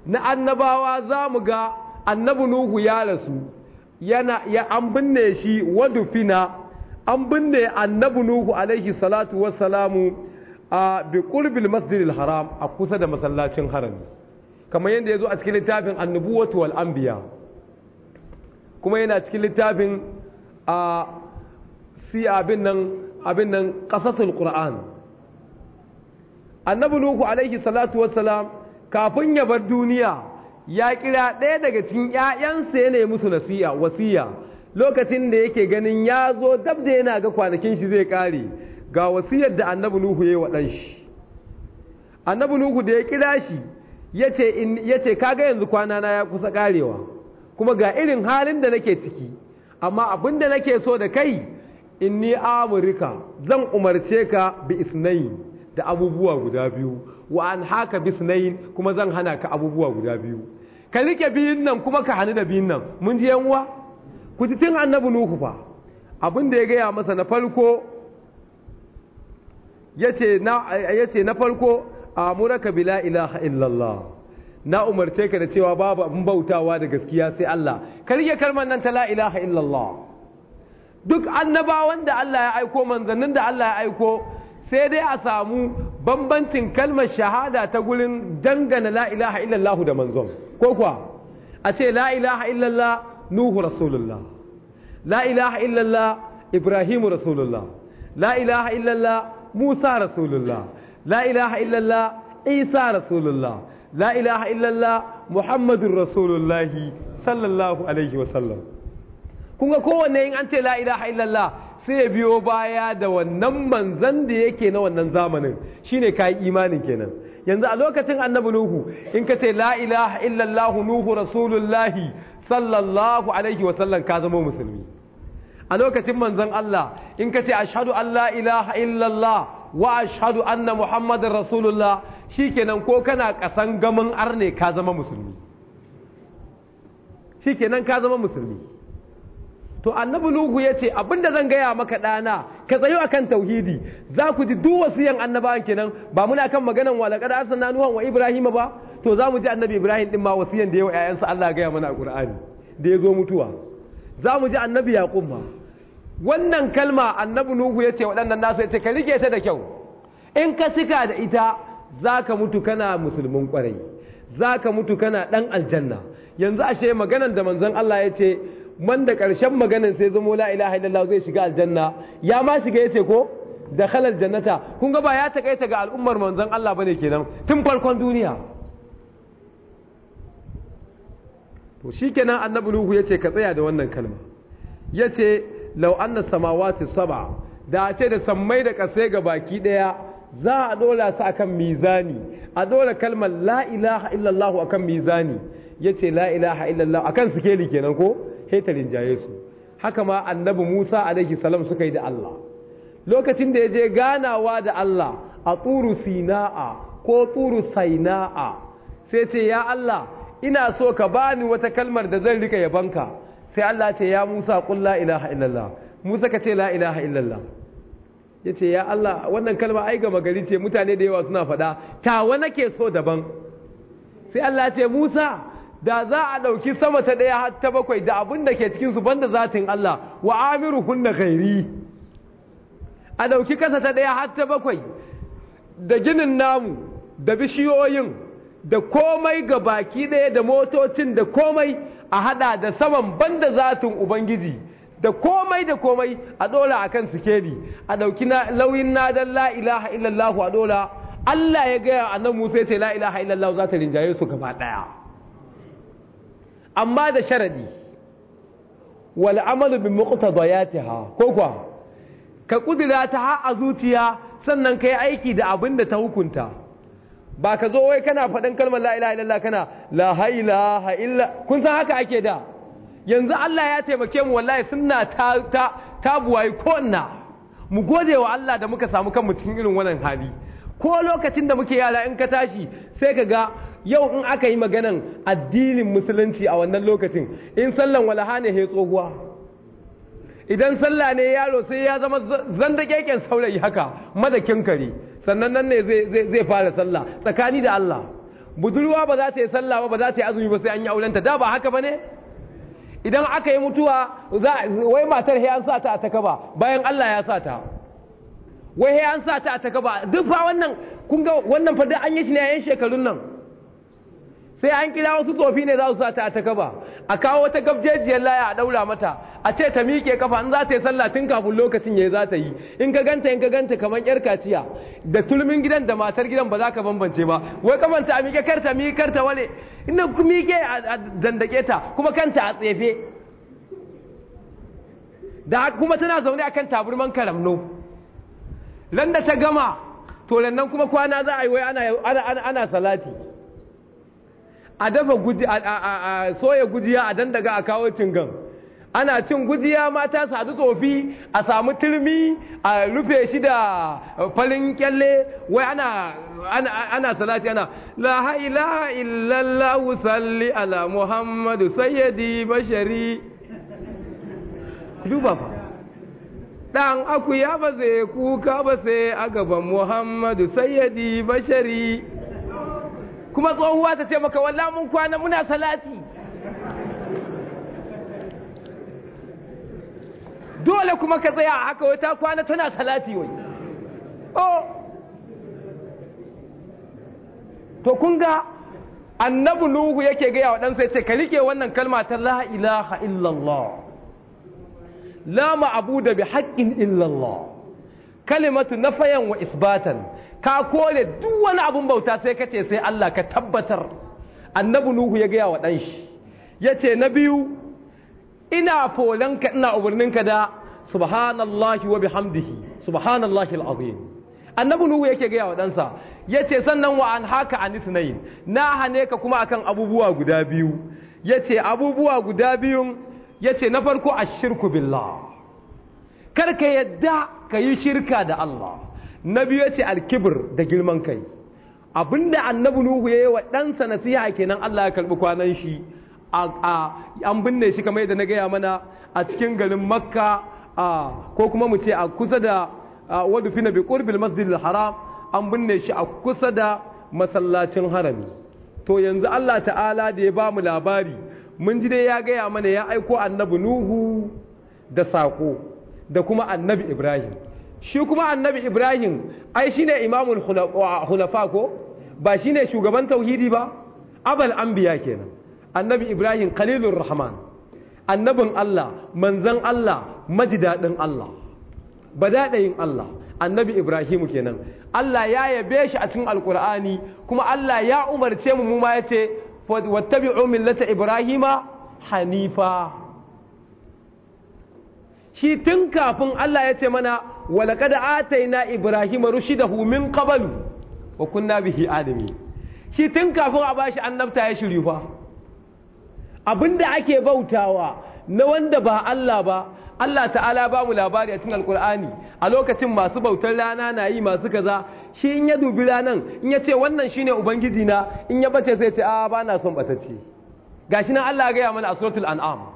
na annabawa za mu ga Annabu nuhu ya rasu yana ya an binne shi wadu fina an binne Annabu nuhu alaihi salatu wassalamu a bi qurbil masjidil haram a kusa da masallacin harami kamar yadda ya zo a cikin littafin annubuwatu wal anbiya kuma yana cikin littafin a abin nan abin nan qasasul qur'an annabi nuhu alaihi salatu wassalam kafin ya bar duniya ya kira ɗaya daga cikin 'ya'yansa ya nemi musu nasiya wasiya lokacin da yake ganin ya zo dab da yana ga kwanakin shi zai ƙare, ga wasiyar da annabi nuhu ya yi wa ɗanshi. shi annabi nuhu da ya kira shi ya ce kaga yanzu kwanana ya kusa ƙarewa, kuma ga irin halin da nake ciki amma abin da nake so da kai in ni amurika zan umarce ka bi isnayin da abubuwa guda biyu wa an haka bi kuma zan hana ka abubuwa guda biyu ka rike biyun nan kuma ka hannu da biyun nan mun ji yan ku ji tun annabi nuhu fa abin da ya gaya masa na farko yace na yace na farko amuraka bila ilaha illallah na umarce ka da cewa babu abin bautawa da gaskiya sai Allah karye kalmar nan ta la ilaha illallah duk annabawan da Allah ya aiko manzannin da Allah ya aiko sai dai a samu bambancin kalmar shahada ta gurin dangana la ilaha illallah da manzon ko kuwa a ce la ilaha illallah nuhu rasulullah la ilaha illallah ibrahimu rasulullah la ilaha illallah musa rasulullah la ilaha illallah isa rasulullah la ilaha illallah muhammadun rasulullahi sallallahu alaihi wasallam kun ga kowanne in an ce la ilaha illallah sai ya biyo baya da wannan manzan da yake na wannan zamanin shine kayi imanin kenan yanzu a lokacin annabi nuhu in ka ce la ilaha illallah nuhu rasulullahi sallallahu alaihi wasallam ka musulmi a lokacin manzon Allah in ka ce ashhadu an la ilaha illallah wa ashhadu anna muhammadar rasulullah shikenan ko kana kasan gamin arne ka zama musulmi shikenan ka zama musulmi to annabi nuhu ya abinda zan gaya maka dana ka tsayo akan tauhidi za ku ji duk wasiyan annabawan kenan ba muna kan maganan wa laqad arsalna nuhan wa ibrahima ba to za mu ji annabi ibrahim din ma wasiyan da yawa ayyansa Allah gaya mana alqur'ani da ya zo mutuwa za mu ji annabi yaqub ma wannan kalma annabi nuhu yace ce waɗannan nasu ya ce ka rike ta da kyau in ka cika da ita za ka mutu kana musulmin kwarai za ka mutu kana ɗan aljanna yanzu ashe maganan da manzon Allah ya ce man da ƙarshen maganan sai zamo la ilaha illallah zai shiga aljanna ya ma shiga ya ce ko da halal jannata kun ga ba ya takaita ga al'ummar manzon Allah bane kenan tun farkon duniya to shikenan annabi nuhu ce ka tsaya da wannan kalma yace law anna samawati sab'a da ce da sammai da kasai ga baki ɗaya. za a ɗora su akan mizani a ɗora kalmar la ilaha illallah akan mizani yace la ilaha illallah akan keli kenan ko hetarin jaye su haka ma annabi Musa alaihi salam suka yi da Allah lokacin da je ganawa da Allah a turu sinaa ko turu sainaa sai ce ya Allah ina so ka bani wata kalmar da zan rika yabanka sai Allah ce ya Musa qul la ilaha illallah Musa ka ce la ilaha illallah ya ce ya Allah wannan kalma ai gama gari ce mutane da yawa suna faɗa tawa nake so daban sai Allah ce Musa da za a ɗauki sama ta ɗaya har ta bakwai da abin da ke cikinsu banda zatin Allah wa amiru kunna khairi a ɗauki kasa ta ɗaya har ta bakwai da ginin namu da bishiyoyin da komai ga baki ɗaya da motocin da komai a haɗa da saman banda zatin Ubangiji da komai da komai a dola akan sikeli a dauki lauyin dan la ilaha illallah a dola Allah ya gaya nan Musa ce la ilaha illallah za ta rinjaye su gaba daya amma da sharadi wal amalu bi muqtadayatiha ko kwa ka kudira ta har a zuciya sannan kai aiki da abinda ta hukunta ba ka zo wai kana faɗin kalmar la ilaha illallah kana la ilaha illa kun san haka ake da yanzu Allah ya taimake mu wallahi sunna ta ta ta buwayi konna mu gode wa Allah da muka samu kanmu cikin irin wannan hali ko lokacin da muke yara in ka tashi sai ka ga yau in aka yi maganan addinin musulunci a wannan lokacin in sallan walaha ne he tsohuwa idan sallah ne yaro sai ya zama zanda keken saurayi haka madakin kare sannan nan ne zai fara sallah tsakani da Allah budurwa ba za ta yi sallah ba ba za ta yi azumi ba sai an yi aurenta da ba haka ba ne idan aka yi mutuwa wai matar ya sa ta a takaba bayan Allah ya sa ta wai ya sa ta a takaba duk fa wannan kun ga wannan fa an yi shi ne a 'yan shekarun nan sai an kira wasu tsofi ne za su sa ta a takaba a kawo wata gabjejiyar laya a daura mata a ce ta miƙe kafa in za ta yi sallah tun kafin lokacin ya za ta yi in ka ganta in ka ganta kamar yar kaciya da tulmin gidan da matar gidan ba za ka bambance ba wai kafanta a miƙe karta miƙe karta wale ina ku miƙe a dandake ta kuma kanta a tsefe da kuma tana zaune akan taburman karamno ran da ta gama to nan kuma kwana za a yi wai ana salati a dafa guji soya gujiya a dandaga a kawo cingan ana cin gujiya mata sadu tsofi a samu turmi a rufe shi da falin kyalle wai ana ana salati ana la haila illallah salli ala muhammadu sayyidi bashari duba fa dan akuya ba zai kuka ba sai a gaban muhammadu sayyidi bashari kuma tsohuwa ta ce maka wallah mun kwana muna salati dole kuma ka tsaya haka wai ta kwana tana salati wai oh. to kun ga annabi nuhu yake gaya wa ɗansa ya ce ka rike wannan kalma ta la ilaha illallah la ma'abu da bi haƙƙin illallah kalimatu nafayan wa isbatan ka kore duk wani abin bauta sai ka ce sai Allah ka tabbatar annabi nuhu ya gaya wa ɗan shi ya ce na biyu ina folanka ina umarninka da subhanallahi wa bihamdihi subhanallahi al'azim annabi nuhu yake gaya wa ɗansa ya ce sannan wa an haka a nisnayin na hane ka kuma akan abubuwa guda biyu ya ce abubuwa guda biyun ya ce na farko a shirku billah kar ka yadda ka yi shirka da Allah na biyu ya ce alkibir da girman kai abinda annabi nuhu ya yi wa ɗansa nasiha kenan Allah ya karɓi kwanan shi an binne shi kamar yadda na gaya mana a cikin garin makka ko kuma mu ce a kusa da fi na bi ƙurbil masjidil haram an binne shi a kusa da masallacin harami to yanzu Allah ta'ala da ya ba mu labari mun ji dai ya gaya mana ya aiko annabi nuhu da sako da kuma annabi ibrahim shi kuma annabi ibrahim ai shine imamul hulafa ko ba shine shugaban tauhidi ba abal anbiya kenan annabi ibrahim khalilur rahman annabin allah manzan allah majidadin allah badadayin allah annabi ibrahim kenan allah ya yabe shi a cikin alkur'ani kuma allah ya umarce mu mu ma yace wattabi'u millata ibrahima hanifa shi tun kafin allah ya ce mana da ataina ibrahim da min qablu wa kunna bihi alimi shi tun kafin a bashi annabta ya shiri fa da ake bautawa na wanda ba Allah ba Allah ta'ala ba mu labari a cikin alkur'ani a lokacin masu bautar rana na yi masu kaza shi in ya dubi ranan in ya ce wannan shine ubangiji na in ya bace sai ce a ba na son batacce gashi nan Allah ya gaya mana a suratul an'am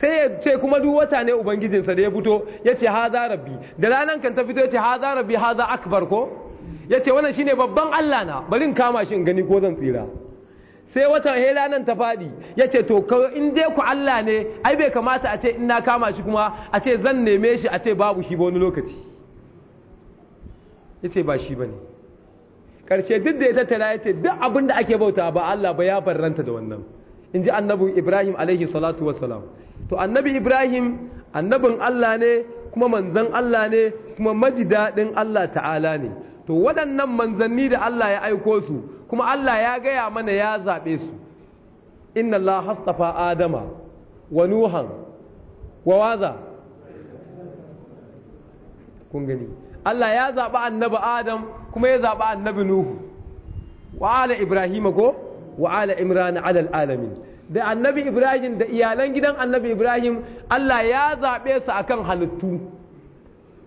sai ya ce kuma duk wata ne ubangijinsa da ya fito ya ce haza rabbi da ranar kan ta fito ya ce haza rabbi haza akbar ko ya ce wannan shine babban Allah na bari in kama shi in gani ko zan tsira sai wata hela nan ta faɗi ya ce to in dai ku Allah ne ai bai kamata a ce in na kama shi kuma a ce zan neme shi a ce babu shi ba wani lokaci ya ce ba shi ba ne ƙarshe duk da ya tattara ya ce duk abin da ake bauta ba Allah ba ya barranta da wannan in ji annabi ibrahim alaihi salatu wasalam to annabi ibrahim annabin allah ne kuma manzan allah ne kuma maji daɗin allah ta'ala ne to waɗannan manzanni da allah ya aiko su kuma allah ya gaya mana ya zaɓe su inna allah hastafa adama wa nuhan wa waza kun gani allah ya zaɓi annabi adam kuma ya zaɓi annabi nuhu wa ala ibrahima ko wa ala imran ala alamin da annabi ibrahim da iyalan gidan annabi ibrahim allah ya zaɓe su a kan halittu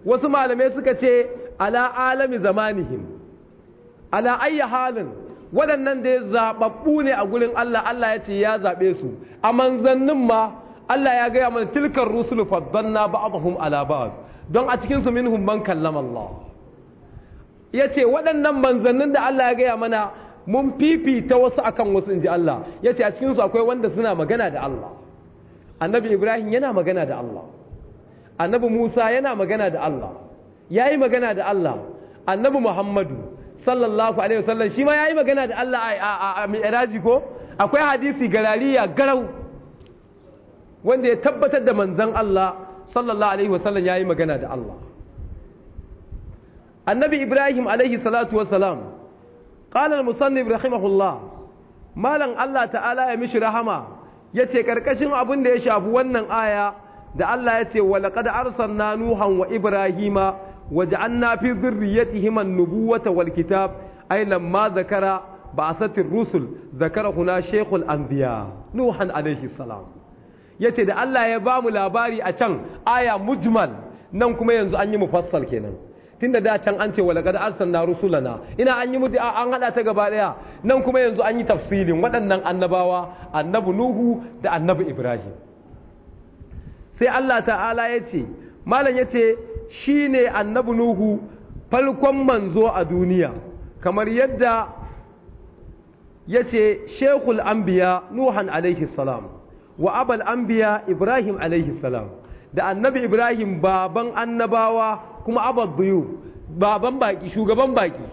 wasu malamai suka ce ala alami zamanihim ala ayya halin waɗannan da ya zaɓaɓɓu ne a gurin allah allah ya ce ya zaɓe su a manzannin ma allah ya gaya mana tilkar rusulu faddanna ba'dhum ala ba'd don a cikin su minhum man kallama allah ya ce waɗannan manzannin da allah ya gaya mana mun fifita wasu akan wasu inji Allah Ya ce a cikinsu akwai wanda suna magana da Allah annabi Ibrahim yana magana da Allah annabi Musa yana magana da Allah Ya yi magana da Allah annabi Muhammadu sallallahu alaihi wasallam shi ma yi magana da Allah a mi'raji ko akwai hadisi garariya garau wanda ya tabbatar da manzan Allah sallallahu alaihi wasallam yi magana da Allah annabi Ibrahim alaihi salatu wasalam qala al-musannif rahimahullah malan Allah ta'ala ya mishi rahama yace ƙarƙashin abin da ya shafi wannan aya da Allah yace wa laqad arsalna nuhan wa ibrahima waja'alna fi dhurriyyatihim an-nubuwata wal kitab ay lamma zakara ba'athatir rusul zakara huna shaykhul anbiya nuhan alayhi salam yace da Allah ya bamu labari a can aya mujmal nan kuma yanzu an yi mufassal kenan tunda da can an ce walaqad arsalna rusulana ina an yi mudi an hada ta gaba daya nan kuma yanzu an yi tafsilin waɗannan annabawa annabi nuhu da annabi ibrahim sai Allah ta'ala ya ce malam ya ce shine annabi nuhu falkon manzo a duniya kamar yadda ya ce shekul anbiya nuhan alaihi salam wa abal anbiya ibrahim alaihi salam da annabi ibrahim baban annabawa kuma biyu baban baki shugaban baki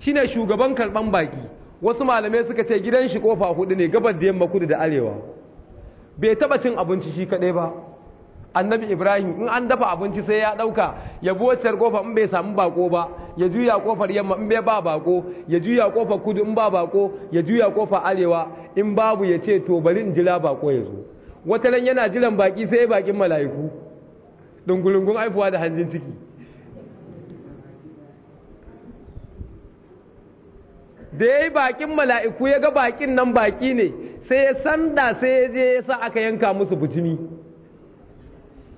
shine shugaban karban baki wasu malamai suka ce gidan shi kofa hudu ne gabar da yamma kudu da arewa bai taba cin abinci shi kadai ba annabi ibrahim in an dafa abinci sai ya dauka ya bi waccar kofa in bai samu bako ba ya juya kofar yamma in bai ba bako ya juya kofar kudu in ba bako ya juya kofar arewa in babu ya ce to bari in jira bako ya zo wata ran yana jiran baki sai bakin mala'iku dungulungun aifuwa da hanjin ciki da ya yi bakin mala'iku ya ga bakin nan baki ne sai ya sanda sai ya je ya sa aka yanka musu bujimi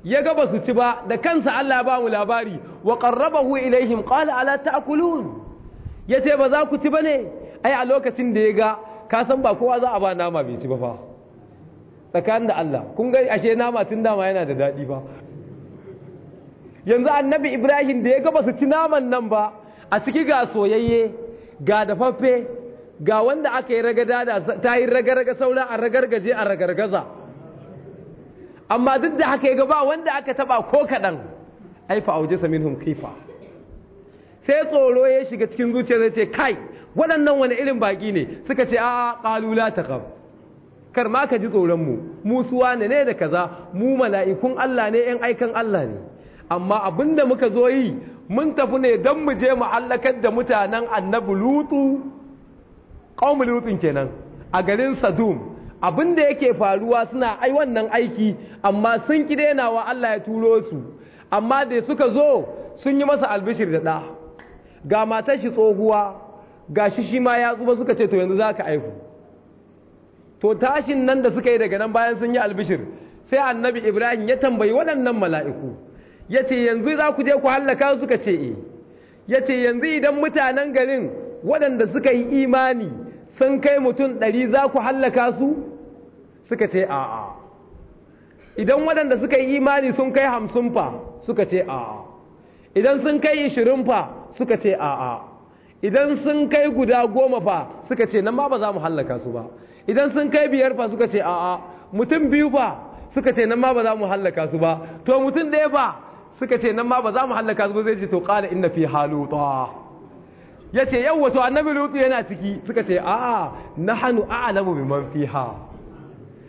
ya ga ba su ci ba da kansa Allah ba mu labari wa qarrabahu ilaihim qala ala ta'kulun ce ba za ku ci bane ai a lokacin da ya ga ka san ba kowa za a ba nama bai ci ba fa tsakanin da Allah kun ga ashe nama tun dama yana da daɗi ba yanzu annabi Ibrahim da ya ga ba su ci naman nan ba a ciki ga soyayye ga dafaffe ga wanda aka yi ragada da ta yi ragaraga saura a ragargaje a ragargaza amma duk da haka ga ba wanda aka taba ko kaɗan aifa a waje samin kifa sai tsoro ya shiga cikin zuciyar zai ce kai waɗannan wani irin baƙi ne suka ce a ƙalula ta kam kar ma ka ji tsoronmu mu ne ne da kaza mu mala'ikun Allah ne ‘yan aikan Allah ne amma abin da muka zo yi mun tafi ne don mu je mu da mutanen annabi lutu lutun kenan a garin sadum abin da yake faruwa suna ai wannan aiki amma sun ki wa Allah ya turo su amma da suka zo sun yi masa albishir da ɗa ga matar shi tsohuwa ga shi shi ma ya zuba suka ce to yanzu za ka aiku to tashin nan da suka yi daga nan bayan sun yi albishir sai annabi ibrahim ya tambayi waɗannan mala'iku ya ce yanzu za ku je ku hallaka suka ce e eh. ya ce yanzu idan mutanen garin waɗanda suka yi imani sun kai mutum ɗari za ku hallaka su suka ce a'a idan waɗanda suka yi imani sun kai hamsin fa suka ce a'a idan sun kai ishirin fa suka ce a'a idan sun kai guda goma fa suka ce nan ma ba za mu hallaka su ba idan sun kai biyar fa suka ce a'a mutum biyu fa suka ce nan ma ba za mu hallaka su ba to mutum ɗaya fa suka ce nan ma ba za mu hallaka su zai ce to qala inna fi haluta yace yawwa to annabi lutu yana ciki suka ce a nahnu a'lamu biman fiha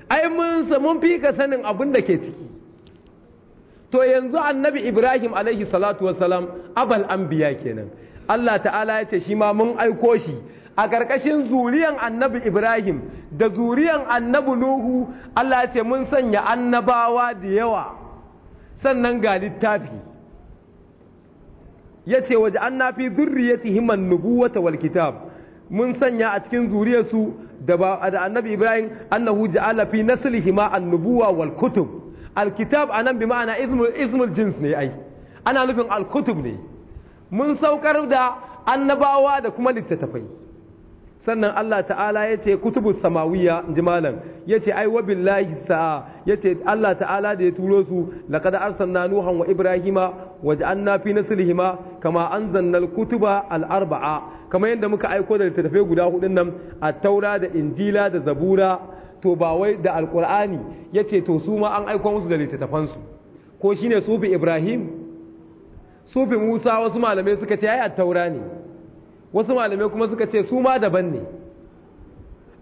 ai mun sa mun fi ka sanin abin da ke ciki to yanzu annabi ibrahim alaihi salatu wassalam abal anbiya kenan Allah ta'ala yace shi ma mun aiko shi a ƙarƙashin zuriyan annabi Ibrahim da zuriyan annabi Nuhu Allah ce mun sanya annabawa da yawa sannan ga littafi ya ce waje an nafi zurriyati himan nubuwata wal kitab mun sanya a cikin zuriyarsu da ba da annabi ibrahim annahu ja'ala fi naslihi ma annubuwa wal kutub al kitab anan bi ma'ana ismul ismul jins ne ai ana nufin al kutub ne mun saukar da annabawa da kuma littattafai sannan Allah ta'ala ya ce kutubu samawiya jimalan ya ce ai wabillahi sa'a ya ce Allah ta'ala da ya turo su laqad arsalna nuhan wa ibrahima waje na fi naslihima kama an zannar kutuba al'arba'a." kama yadda muka aiko da littattafai guda hudun nan a taura da injila da zabura to ba wai da ya ce to su ma an aiko musu da littattafansu Ko shi ne sufi ibrahim sufi musa wasu malamai suka ce ai a taura ne wasu malamai kuma suka ce su ma daban ne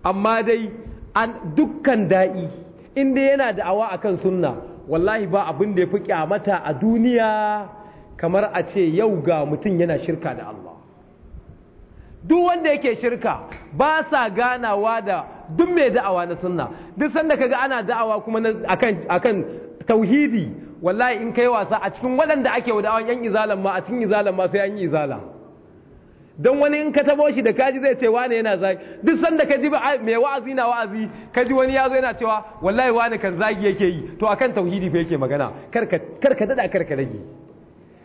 amma dai an dukkan da'i inda yana da'awa a kan sunna wallahi ba abin da ya fi kyamata a duniya kamar a ce yau ga mutum yana shirka da Allah duk wanda yake shirka ba sa ganawa da duk mai da'awa na sunna duk sanda kaga ana da'awa kuma a akan tauhidi wallahi in kai wasa a cikin waɗanda ake wa yan izalan ma a cikin izalan ma sai an yi izala don wani in ka tabo shi da kaji zai ce wane yana zagi duk sanda ka ji mai wa'azi na wa'azi ka ji wani zo yana cewa wallahi wane kan zagi yake yi to akan tauhidi fa yake magana kar ka dada kar ka rage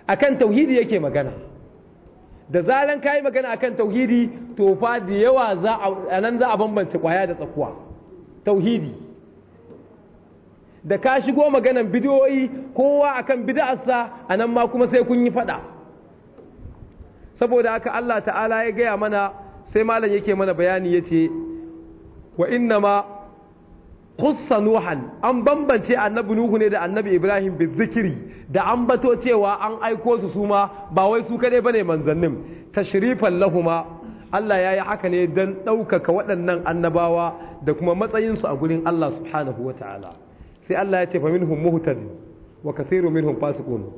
akan tauhidi yake magana da zalan ka yi magana akan tauhidi to fa da yawa za a nan za a bambance kwaya da tsakuwa tauhidi da ka shigo maganan bidiyoyi kowa akan bid'arsa anan ma kuma sai kun yi fada saboda haka Allah ta'ala ya gaya mana sai malam yake mana bayani yace wa inna ma khussa nuhan an bambance annabi nuhu ne da annabi ibrahim bi zikiri da an bato cewa an aiko su suma ba wai su kadai ne, manzannin tashrifan lahuma Allah ya yi haka ne don ɗaukaka waɗannan annabawa da kuma matsayinsu a gurin Allah subhanahu wa ta'ala sai Allah ya ce faminhum muhtadin wa kathiru minhum fasiqun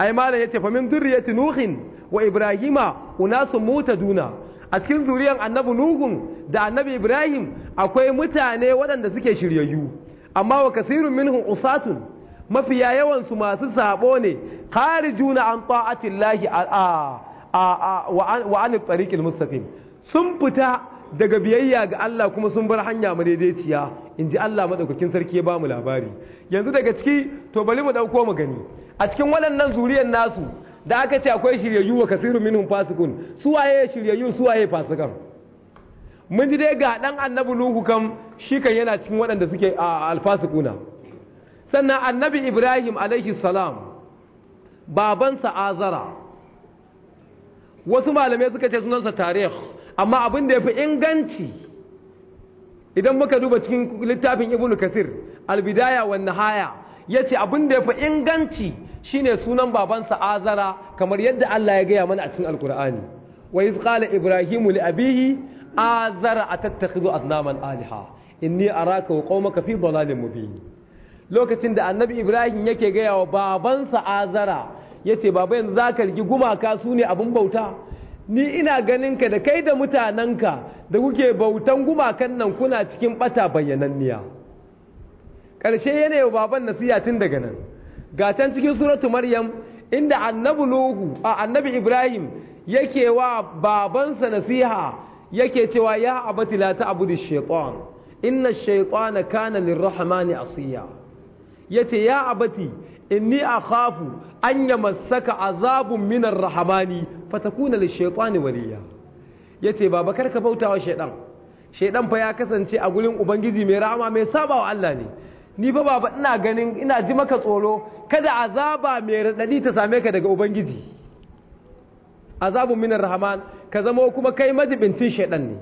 ai malam ya ce famin zurriyati nuhin wa ibrahima unasu duna a cikin zuriyar annabi nuhun da annabi ibrahim akwai mutane waɗanda suke shiryayyu amma wa kasirun minhum usatun mafiya yawan su masu sabo ne kharijuna an llahi a wa an tariqil mustaqim sun fita daga biyayya ga Allah kuma sun bar hanya madaidaiciya inji Allah madaukakin sarki ya bamu labari yanzu daga ciki to bali mu dauko mu gani a cikin waɗannan zuriyar nasu da aka ce akwai shiryayyu wa kasirun minhum fasikun suwaye su suwaye fasikan mun ji dai ga dan annabi nuhu kam shi kan yana cikin waɗanda suke a alfasikuna sannan annabi ibrahim alaihi salam babansa azara wasu malamai suka ce sunansa tarih amma abin da ya inganci idan muka duba cikin littafin ibnu kasir albidaya wa nihaya yace abin da ya inganci Shi ne sunan babansa azara kamar yadda Allah ya gaya mana a cikin alkur'ani wa yi qala ibrahimu li abihi azara a asnaman aliha a raka wa fi mu biyu lokacin da annabi ibrahim yake gaya wa babansa azara ya ce, baba za ka rigi gumaka su ne abin bauta ni ina ganin ka da kai da mutanenka da kuke bautan gumakan nan kuna cikin bata bayyananniya ƙarshe yanayi wa baban nasiya tun daga nan ga can cikin suratu maryam inda annabi luhu a annabi ibrahim yake wa babansa nasiha yake cewa ya abati la ta'budu shaytan inna shaytana kana lirrahmani asiya yace ya abati inni akhafu an yamassaka azabun minar rahmani fatakuna lishaytani waliya yace baba karka bautawa shaiɗan, shaiɗan fa ya kasance a gurin ubangiji mai rahama mai sabawa Allah ne ni fa baba ina ganin ina ji maka tsoro kada azaba mai radadi ta same ka daga ubangiji azabun minar rahman ka zama kuma kai majibintin shaidan ne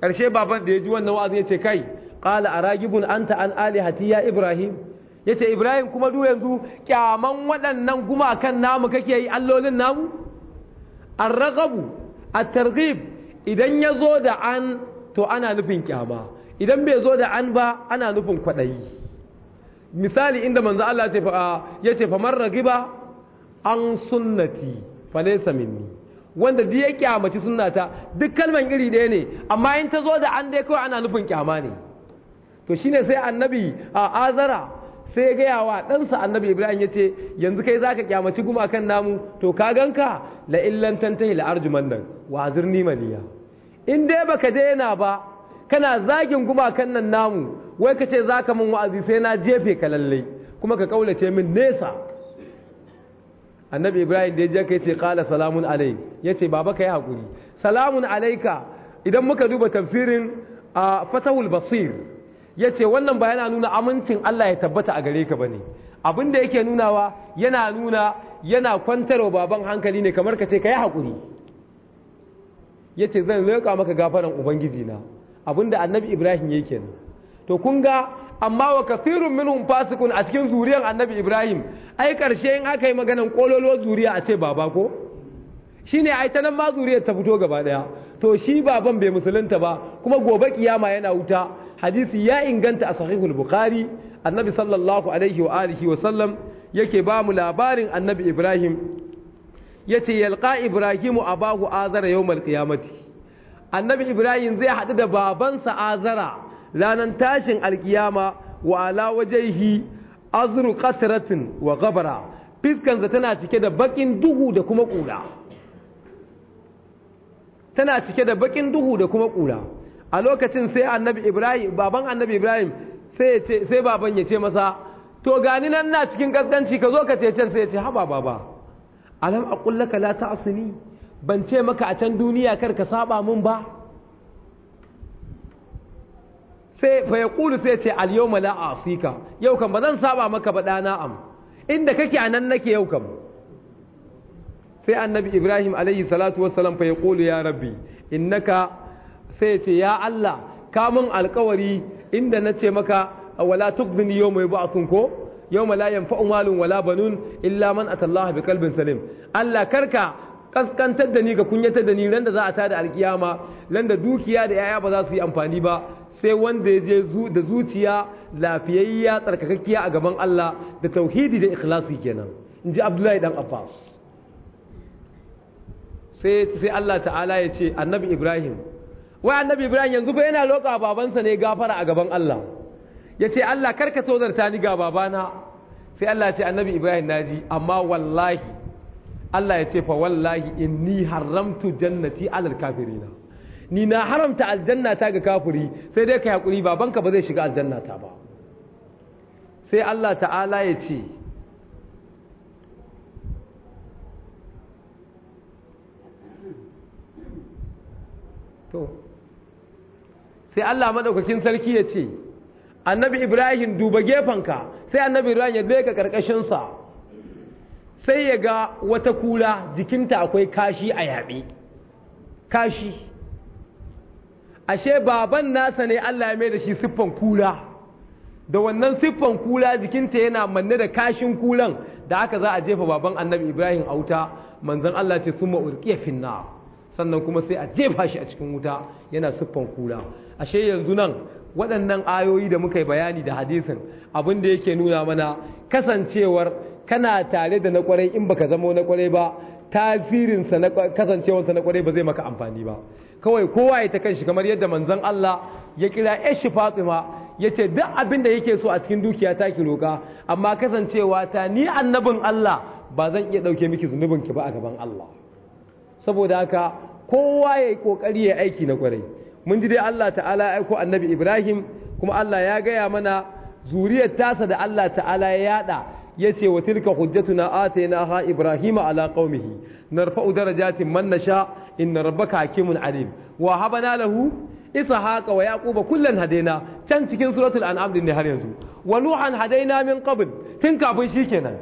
karshe baban da ya ji wannan wa'azi ya ce kai qala aragibun anta an alihati ya ibrahim yace ibrahim kuma du yanzu kyaman waɗannan gumakan namu kake yi allolin namu arragabu at-targhib idan yazo da an to ana nufin kyama idan bai zo da an ba ana nufin kwaɗayi misali inda manzo Allah ya ce fa marar riba an sunnati falaisa minni wanda duk ya kyamaci sunnata duk kalman iri ɗaya ne amma in ta zo da an dai kawai ana nufin kyama ne to shine sai annabi a azara sai ya gaya wa ɗansa annabi ibrahim ya ce yanzu kai zaka kyamaci kan namu to ka ganka la illan tantahi la nan wa azirni maliya in dai baka daina ba kana zagin gumakan nan namu wai ka ce za ka min wa'azi sai na jefe ka lallai kuma ka kaulace min nesa annabi ibrahim da ya je ka ce kala salamun alai ya ce baba ka yi haƙuri salamun alaika idan muka duba tafsirin a fatahul basir ya ce wannan ba yana nuna amincin allah ya tabbata a gare ka ba ne abin da yake nunawa yana nuna yana kwantarwa baban hankali ne kamar ka ce ka yi haƙuri ya ce zan leƙa maka gafaran ubangiji na abinda annabi ibrahim ya yake kenan to kun ga amma wa kasirun minhum fasikun a cikin zuriyar annabi ibrahim ai karshe in aka yi maganan kololo zuriya a ce baba ko shine ai ta nan ma zuriyar ta fito gaba daya to shi baban bai musulunta ba kuma gobe kiyama yana wuta hadisi ya inganta a sahihul bukhari annabi sallallahu alaihi wa alihi wa sallam yake ba mu labarin annabi ibrahim yace yalqa ibrahimu abahu azara yawmal qiyamati annabi ibrahim zai haɗu da babansa azara ranar tashin alkiyama wa ala azuru azru wa gabara fiskansa tana cike da bakin duhu da kuma ƙura tana cike da bakin duhu da kuma ƙura a lokacin sai annabi ibrahim baban annabi ibrahim sai baban ya ce masa to gani nan na cikin ƙasƙanci ka zo ka ce can sai ya ce haba baba alam aqullaka la asini. ban ce maka a can duniya kar ka saba mun ba sai fa ya ƙulu sai ce la asika yau kan ba zan saba maka ba ɗana am inda kake a nan nake yau kan sai annabi ibrahim alayhi salatu wassalam fa ya ƙulu ya rabbi innaka sai ce ya allah ka mun alkawari inda na ce maka wala tuqdini yawma yub'athun ko yawma la yanfa'u malun wala banun illa man atallaha biqalbin salim allah karka kaskantar da ni ga kunyatar da ni randa za a da alkiyama randa dukiya da yaya ba za su yi amfani ba sai wanda ya je da zuciya lafiyayya tsarkakakkiya a gaban Allah da tauhidi da ikhlasi kenan in ji Abdullahi dan Abbas sai sai Allah ta'ala ya ce annabi Ibrahim wai annabi Ibrahim yanzu fa yana loka babansa ne gafara a gaban Allah ya ce Allah karka tozarta ni ga babana sai Allah ya ce annabi Ibrahim naji amma wallahi Allah ya ce fa wallahi inni haramtu jannati ala kafirina ni na haramta aljannata ga kafiri sai dai kai hakuri baban ka ba zai shiga aljannata ba sai Allah ta'ala ya ce to sai Allah madaukakin sarki ya ce annabi Ibrahim duba gefanka sai annabi Ibrahim ya leka karkashin sa sai ya ga wata kula jikinta akwai kashi a yaɓe kashi ashe baban nasa ne Allah ya mai da shi siffan kula da wannan siffan kula jikinta yana manne da kashin kulan da aka za a jefa baban annabi ibrahim a wuta manzan Allah ce sun ma'urƙiya finna sannan kuma sai a jefa shi a cikin wuta yana siffan kula ashe yanzu nan waɗannan ayoyi da muka yi bayani da hadisin abin da yake nuna mana kasancewar kana tare da na kwarai in baka zama na kwarai ba tasirinsa na kasancewarsa na kwarai ba zai maka amfani ba kawai kowa ya ta kanshi kamar yadda manzon Allah ya kira yashi Fatima yace duk abin da yake so a cikin dukiya ta ki roka amma kasancewa ta ni annabin Allah ba zan iya ɗauke miki zunubin ki ba a gaban Allah saboda haka kowa ya yi kokari ya aiki na kwarai mun ji dai Allah ta'ala ya aiko annabi Ibrahim kuma Allah ya gaya mana zuriyar tasa da Allah ta'ala ya yada yace wa tilka hujjatuna atainaha ibrahima ala qaumihi narfa'u darajatin man nasha inna rabbaka hakimun alim wa habana lahu ishaqa wa yaquba kullan hadaina can cikin suratul an'am din ne har yanzu wa nuhan hadaina min qabl tun kafin shikenan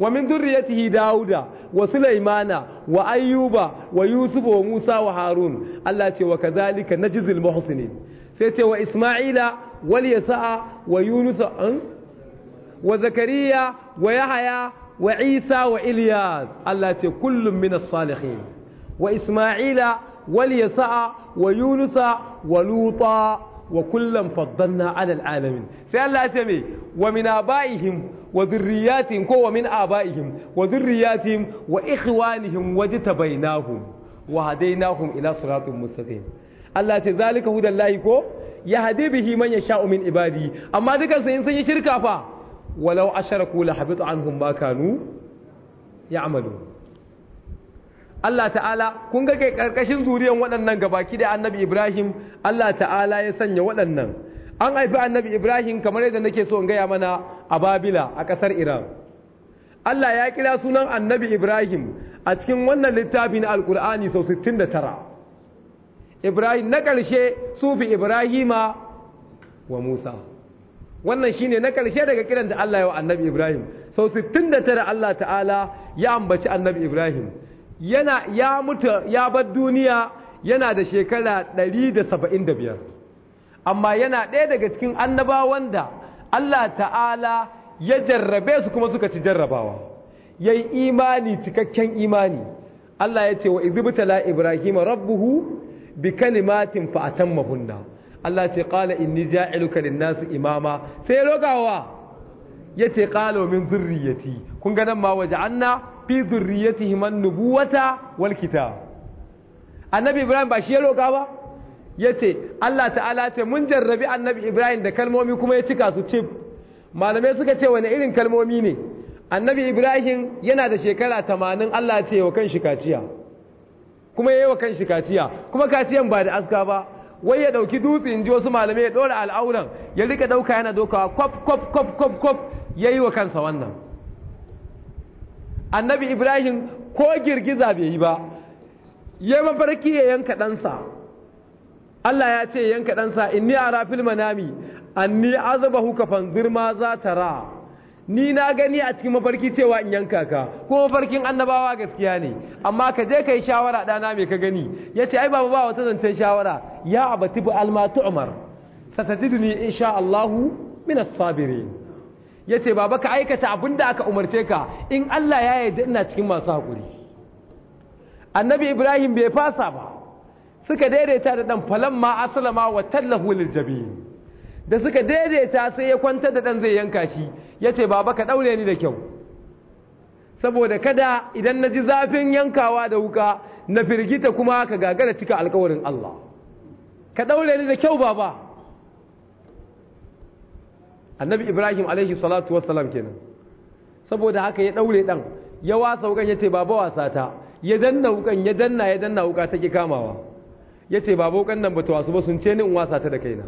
wa min durriyatihi dauda wa sulaimana wa ayyuba wa yusuf wa musa wa harun Allah ce wa kadhalika najzil muhsinin sai ce wa isma'ila wal yasa'a wa yunus an hmm? wa zakariya wa yahaya wa isa wa ilyas Allah ce kullum min salihin wa isma'ila wal yasa'a wa yunusa wa luta wa kullum faddalna ala alamin sai Allah ce me wa min abaihim wa dhurriyyatihim ko wa min abaihim wa dhurriyyatihim wa ikhwanihim wajtabainahum wa hadainahum ila siratin mustaqim Allah ce zalika hudallahi ko yahdi bihi man sha umin ibadi amma dukansu in sun yi shirka fa walau asharaku la habita anhum ma kanu ya'malu Allah ta'ala kun ga kai karkashin zuriyan waɗannan gabaki da annabi Ibrahim Allah ta'ala ya sanya waɗannan an haifi annabi Ibrahim kamar yadda nake so in gaya mana a Babila a ƙasar Iran Allah ya kira sunan annabi Ibrahim a cikin wannan littafi na Alƙur'ani sau 69 Ibrahim na ƙarshe sufi Ibrahima wa Musa wannan shi ne na ƙarshe daga kiran da Allah ya wa annabi Ibrahim sau 69 Allah ta'ala ya ambaci annabi Ibrahim yana ya mutu ya bar duniya yana da shekara biyar, amma yana ɗaya daga cikin annabawan da Allah ta'ala ya jarrabe su kuma suka ci jarrabawa yayi imani cikakken imani Allah ya ce wa izibtala ibrahima rabbuhu bi kalimatin fa atammahunna Allah ce ni inni ja'iluka lin imama sai rogawa yace kala min zurriyati kun ga nan ma waja'anna fi zurriyatihim an-nubuwata wal kitab annabi ibrahim ba shi ya roka ba yace Allah ta'ala ce mun jarrabi annabi ibrahim da kalmomi kuma ya cika su cif malamai suka ce wani irin kalmomi ne annabi ibrahim yana da shekara 80 Allah ce wa kan shi kaciya kuma yayi wa kan shi kaciya kuma kaciyan ba da aska ba wai ya dauki dutse in ji wasu malamai ya dora al'auran ya rika dauka yana dokawa kwaf kwaf kwaf kwaf kwaf yi wa kansa wannan annabi ibrahim ko girgiza bai yi ba ya mafarki ya yanka ɗansa Allah ya ce yanka ɗansa inni a rafil manami an ni azaba hukafan zirma za ta ra ni na gani a cikin mafarki cewa in yanka ka ko mafarkin annabawa gaskiya ne amma ka je kai shawara dana mai ka gani yace ai baba ba wata zancen shawara ya abati bi alma tu'mar satajiduni insha Allahu min as-sabirin yace baba ka aikata da aka umarce ka in Allah ya yarda ina cikin masu hakuri annabi Ibrahim bai fasa ba suka daidaita da dan falamma aslama wa tallahu lil jabin da suka daidaita sai ya kwantar da ɗan zai yanka shi ya ce baba ka ɗaure ni da kyau saboda kada idan na ji zafin yankawa da wuka na firgita kuma ka gagara cika alkawarin Allah ka ɗaure ni da kyau baba annabi ibrahim alaihi salatu wassalam kenan saboda haka ya ɗaure ɗan ya wasa wukan ya ce baba wasa ta ya danna wukan ya danna ya danna wuka ta ki kamawa ya ce baba wukan nan ba ta wasu ba sun ce ni in wasa ta da kaina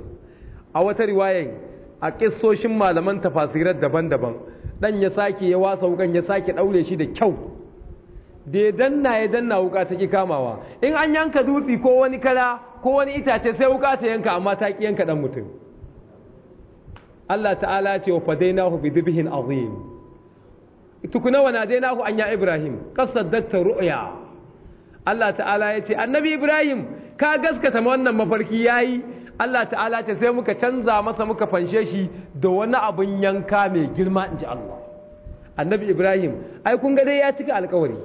a wata riwayan a kissoshin malaman tafasirar daban-daban dan ya sake ya wasa wukan ya sake daure shi da kyau da ya danna ya danna wuka ta ki kamawa in an yanka dutsi ko wani kara ko wani itace sai wuka ta yanka amma ta ki yanka dan mutum Allah ta'ala ce wa fadainahu bi dhibhin azim tukuna wa nadainahu an ya ibrahim datta ru'ya Allah ta'ala ya ce annabi ibrahim ka gaskata wannan mafarki yayi Allah ta'ala ce sai muka canza masa muka fanshe shi da wani abin yanka mai girma in ji Allah annabi Ibrahim ai kun ga dai ya cika alkawari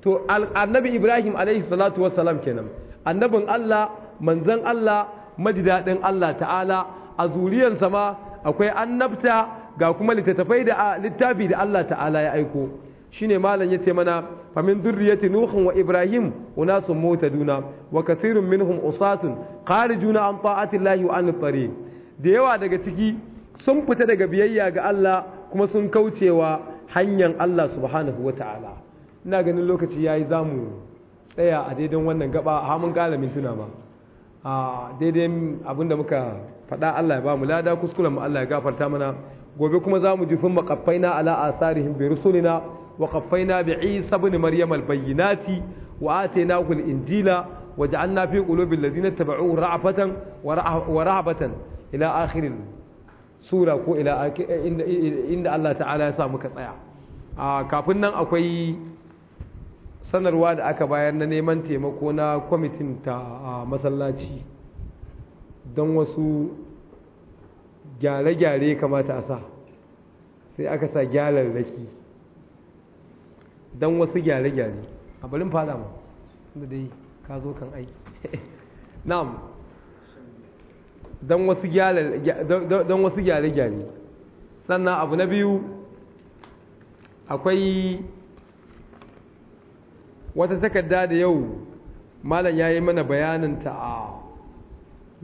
to annabi Ibrahim alaihi salatu wassalam kenan annabin Allah manzon Allah majidadin Allah ta'ala a zuriyarsa ma akwai annabta ga kuma littattafai da littafi da Allah ta'ala ya aiko shine ya ce mana fa min dhurriyyati nuh wa ibrahim unasun mutaduna wa kathirun minhum usatun juna an ta'ati llahi wa an tariq da yawa daga ciki sun fita daga biyayya ga Allah kuma sun kaucewa hanyar Allah subhanahu ta'ala. ina ganin lokaci yayi zamu tsaya a daidan wannan gaba a hamun kala mintuna ba a daidai abinda muka faɗa Allah ya ba mu lada kuskuren mu Allah ya gafarta mana gobe kuma za mu jufin maƙaffai na ala asarihim bi rusulina وقفينا na بن مريم البينات وآتيناه الإنجيل وجعلنا في قلوب الذين اتبعوه رعفة ورعبة إلى آخر sura ko inda Allah ta'ala ya sa muka tsaya a kafin nan akwai sanarwa da aka bayar na neman taimako na kwamitin ta masallaci don wasu gyare-gyare kamata a sa sai aka sa gyararraki don wasu gyare-gyare a fada ma da dai ka zo kan aiki na'am don wasu gyare-gyare sannan abu na biyu akwai wata takarda da yau malam ya yi mana bayaninta a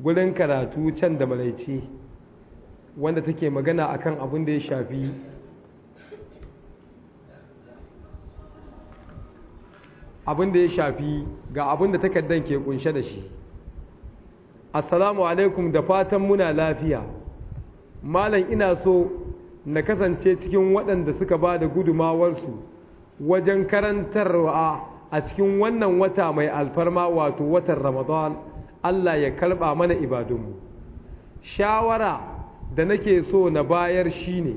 gurin karatu can da malaici wanda take magana akan abin da ya shafi abin da ya shafi ga abin da takardan ke kunshe da shi assalamu alaikum da fatan muna lafiya malam ina so na kasance cikin waɗanda suka ba da gudumawarsu wajen karantarwa a cikin wannan wata mai alfarma wato watan ramadan allah ya karɓa mana ibadunmu shawara da nake so na bayar shine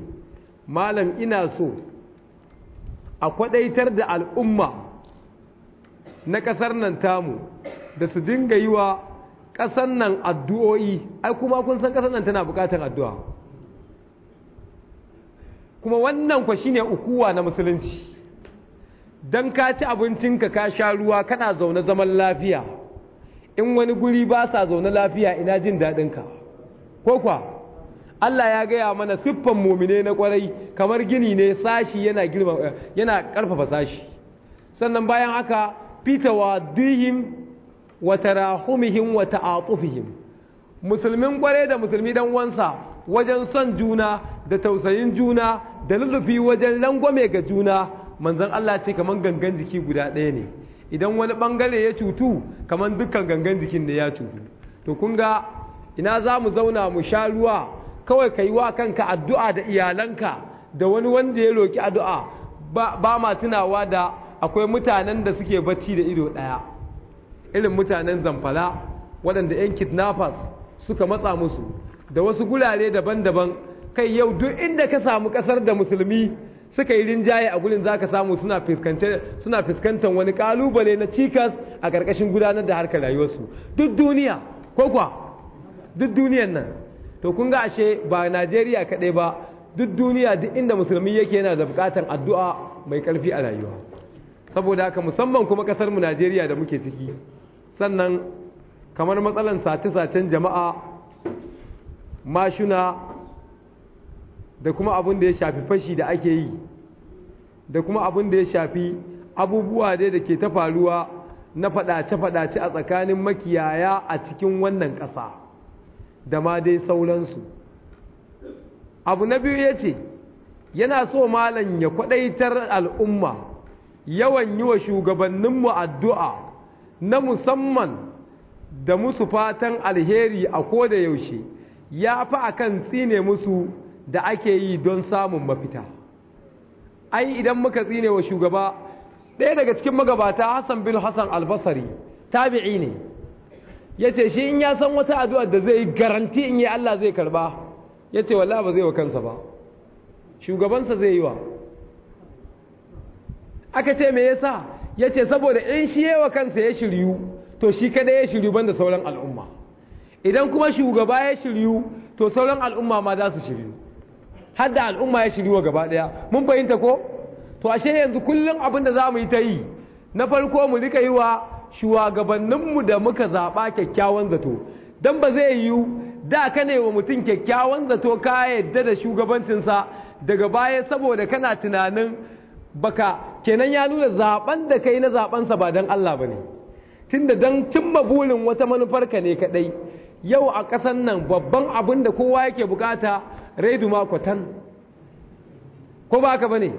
malam ina so a kwaɗaitar da al'umma na ƙasar nan tamu da su dinga yi wa ƙasar nan addu'o'i ai kuma kun san ƙasar nan tana buƙatar addu'a kuma wannan kwa ne ukuwa na musulunci don ka ci abincinka ka sha ruwa kana zaune zaman lafiya in wani guri ba sa zaune lafiya ina jin daɗinka ko kwa Allah ya gaya mana siffan momine na kwarai kamar gini ne sashi yana ƙarfafa sashi sannan bayan haka bitawadihim wa tarahumihim wa ta'atufihim musulmin kware da musulmi dan wansa wajen son juna da tausayin juna da lulufi wajen langwame ga juna manzon Allah ce kaman gangan jiki guda ɗaya ne idan wani bangare ya cutu kaman dukkan gangan jikin ne ya cutu to kun ga ina za mu zauna mu sha ruwa kawai ka yi wa kanka addu'a da iyalanka da wani wanda ya roki addu'a ba ma tunawa da akwai mutanen da suke bacci da ido ɗaya irin mutanen zamfala waɗanda 'yan kidnappers suka matsa musu da wasu gurare daban-daban kai yau duk inda ka samu ƙasar da musulmi suka yi rinjaye a gurin za ka samu suna fuskantar wani ƙalubale na cikas a ƙarƙashin gudanar da harkar rayuwarsu duk duniya ko kwa duk duniyan nan to kun ga ashe ba najeriya kaɗai ba duk duniya duk inda musulmi yake yana da buƙatar addu'a mai ƙarfi a rayuwa saboda haka musamman kuma kasar mu Najeriya da muke ciki sannan kamar matsalan sace-sacen jama'a mashuna da kuma abin da ya shafi fashi da ake yi da kuma abin da ya shafi abubuwa dai da ke ta faruwa na faɗace-faɗace a tsakanin makiyaya a cikin wannan ƙasa da ma dai sauransu abu na biyu ya ce yana so malam ya kwaɗaitar al'umma yawan yi wa shugabanninmu addu'a na musamman da musu fatan alheri a ko da yaushe ya fi kan tsine musu da ake yi don samun mafita ai idan muka tsine wa shugaba ɗaya daga cikin magabata hassan bin hassan albasari tabi'i ne ya ce shi in ya san wata addu'ar da zai garanti in yi allah zai karba ya ce wallah ba zai wa kansa ba shugabansa zai yi wa aka ce me yasa yace saboda in shi yawa kansa ya shiryu to shi kada ya shiryu banda sauran al'umma idan kuma shugaba ya shiryu to sauran al'umma ma za su shiryu har da al'umma ya shiryu gaba daya mun fahimta ko to ashe yanzu kullum abin da za yi ta yi na farko mu rika yi wa mu da muka zaɓa kyakkyawan zato don ba zai yiwu da ka ne wa mutum kyakkyawan zato ka yadda da shugabancinsa daga baya saboda kana tunanin baka kenan ya nuna zaben da kai na zabensa ba don Allah ba bane tunda don cimma burin wata manufarka ne kadai yau a ƙasan nan babban abin da kowa yake bukata redu makotan ko ba ka ba ne,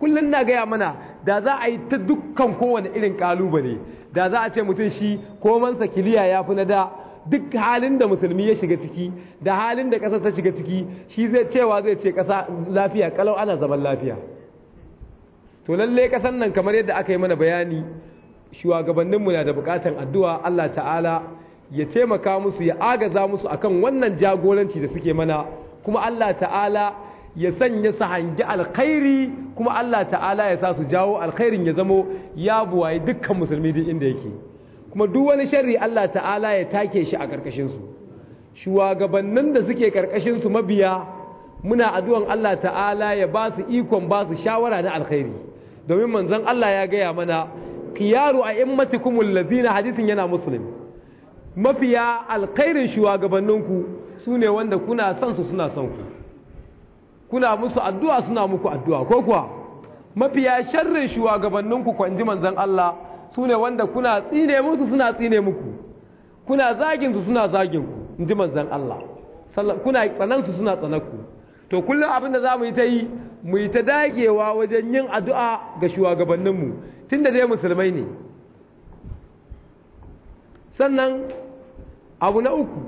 kullum na gaya mana da za a yi ta dukkan kowane irin kalubale da za a ce mutum shi komansa kiliya ya fi na da duk halin da musulmi ya shiga ciki da halin da ƙasa ta shiga ciki shi zai cewa zai ce ƙasa lafiya kalau ana zaman lafiya to lalle kasan nan kamar yadda aka yi mana bayani shugabanninmu na da bukatan addu'a Allah ta'ala ya taimaka musu ya agaza musu a kan wannan jagoranci da suke mana kuma Allah ta'ala ya sanya su hangi alkhairi kuma Allah ta'ala ya sa su jawo alkhairin ya zamo ya buwaye dukkan musulmi duk inda yake kuma duk wani sharri Allah ta'ala ya take shi a ƙarƙashinsu shugabannin da suke ƙarƙashinsu mabiya muna addu'an Allah ta'ala ya ba su ikon ba su shawara na alkhairi domin manzan Allah ya gaya mana kiyaru a immatikumul ladina hadisin yana muslim mafiya alkhairin shugabanninku sune wanda kuna son su suna son ku kuna musu addu'a suna muku addu'a ko kuwa mafiya sharrin shugabanninku kwanji manzan Allah sune wanda kuna tsine musu suna tsine muku kuna zagin su suna zagin ku inji manzan Allah kuna tsanansu suna tsananku to kullum abin da za mu yi ta yi mu yi ta dagewa wajen yin addu'a ga shugabanninmu tun da dai musulmai ne sannan abu na uku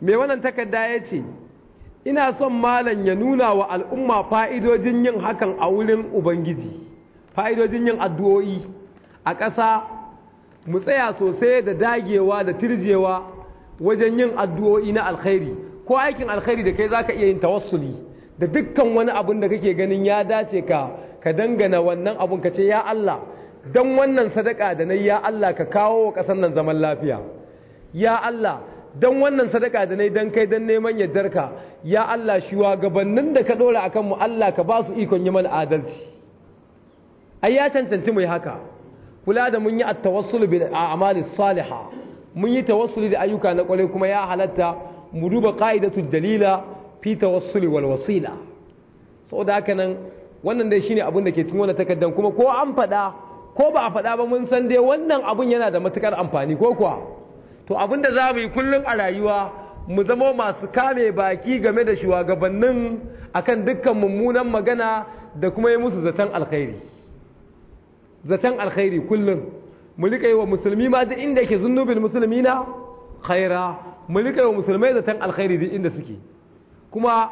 mai wannan takarda ya ce ina son malam ya nuna wa al'umma fa'idojin yin hakan a wurin ubangiji fa'idojin yin addu'o'i a ƙasa mu tsaya sosai da dagewa da tirjewa wajen yin addu'o'i na alkhairi ko aikin alkhairi da kai za ka iya yin tawassuli da dukkan wani abun da kake ganin ya dace ka ka dangana wannan abun ka ce ya Allah dan wannan sadaka da nayi ya Allah ka kawo wa kasan nan zaman lafiya ya Allah dan wannan sadaka da nai dan kai dan neman yardarka ya Allah gabannin da ka dora akan mu Allah ka ba su ikon yi mana adalci ai ya cancanci mu haka kula da mun yi at-tawassul bil a'malis salihah mun yi tawassuli da ayyuka na kwarai kuma ya halatta mu duba qa'idatul dalila fi tawassuli wasila saboda haka nan wannan dai shine abin da ke cikin wannan takaddan kuma ko an faɗa ko ba a faɗa ba mun san dai wannan abin yana da matukar amfani ko kuwa to abin da za mu yi kullum a rayuwa mu zama masu kame baki game da shugabannin akan dukkan mummunan magana da kuma yi musu zaton alkhairi zaton alkhairi kullum mu rika yi wa musulmi ma duk inda yake zunubin musulmi na khaira mu wa musulmai zaton alkhairi duk inda suke kuma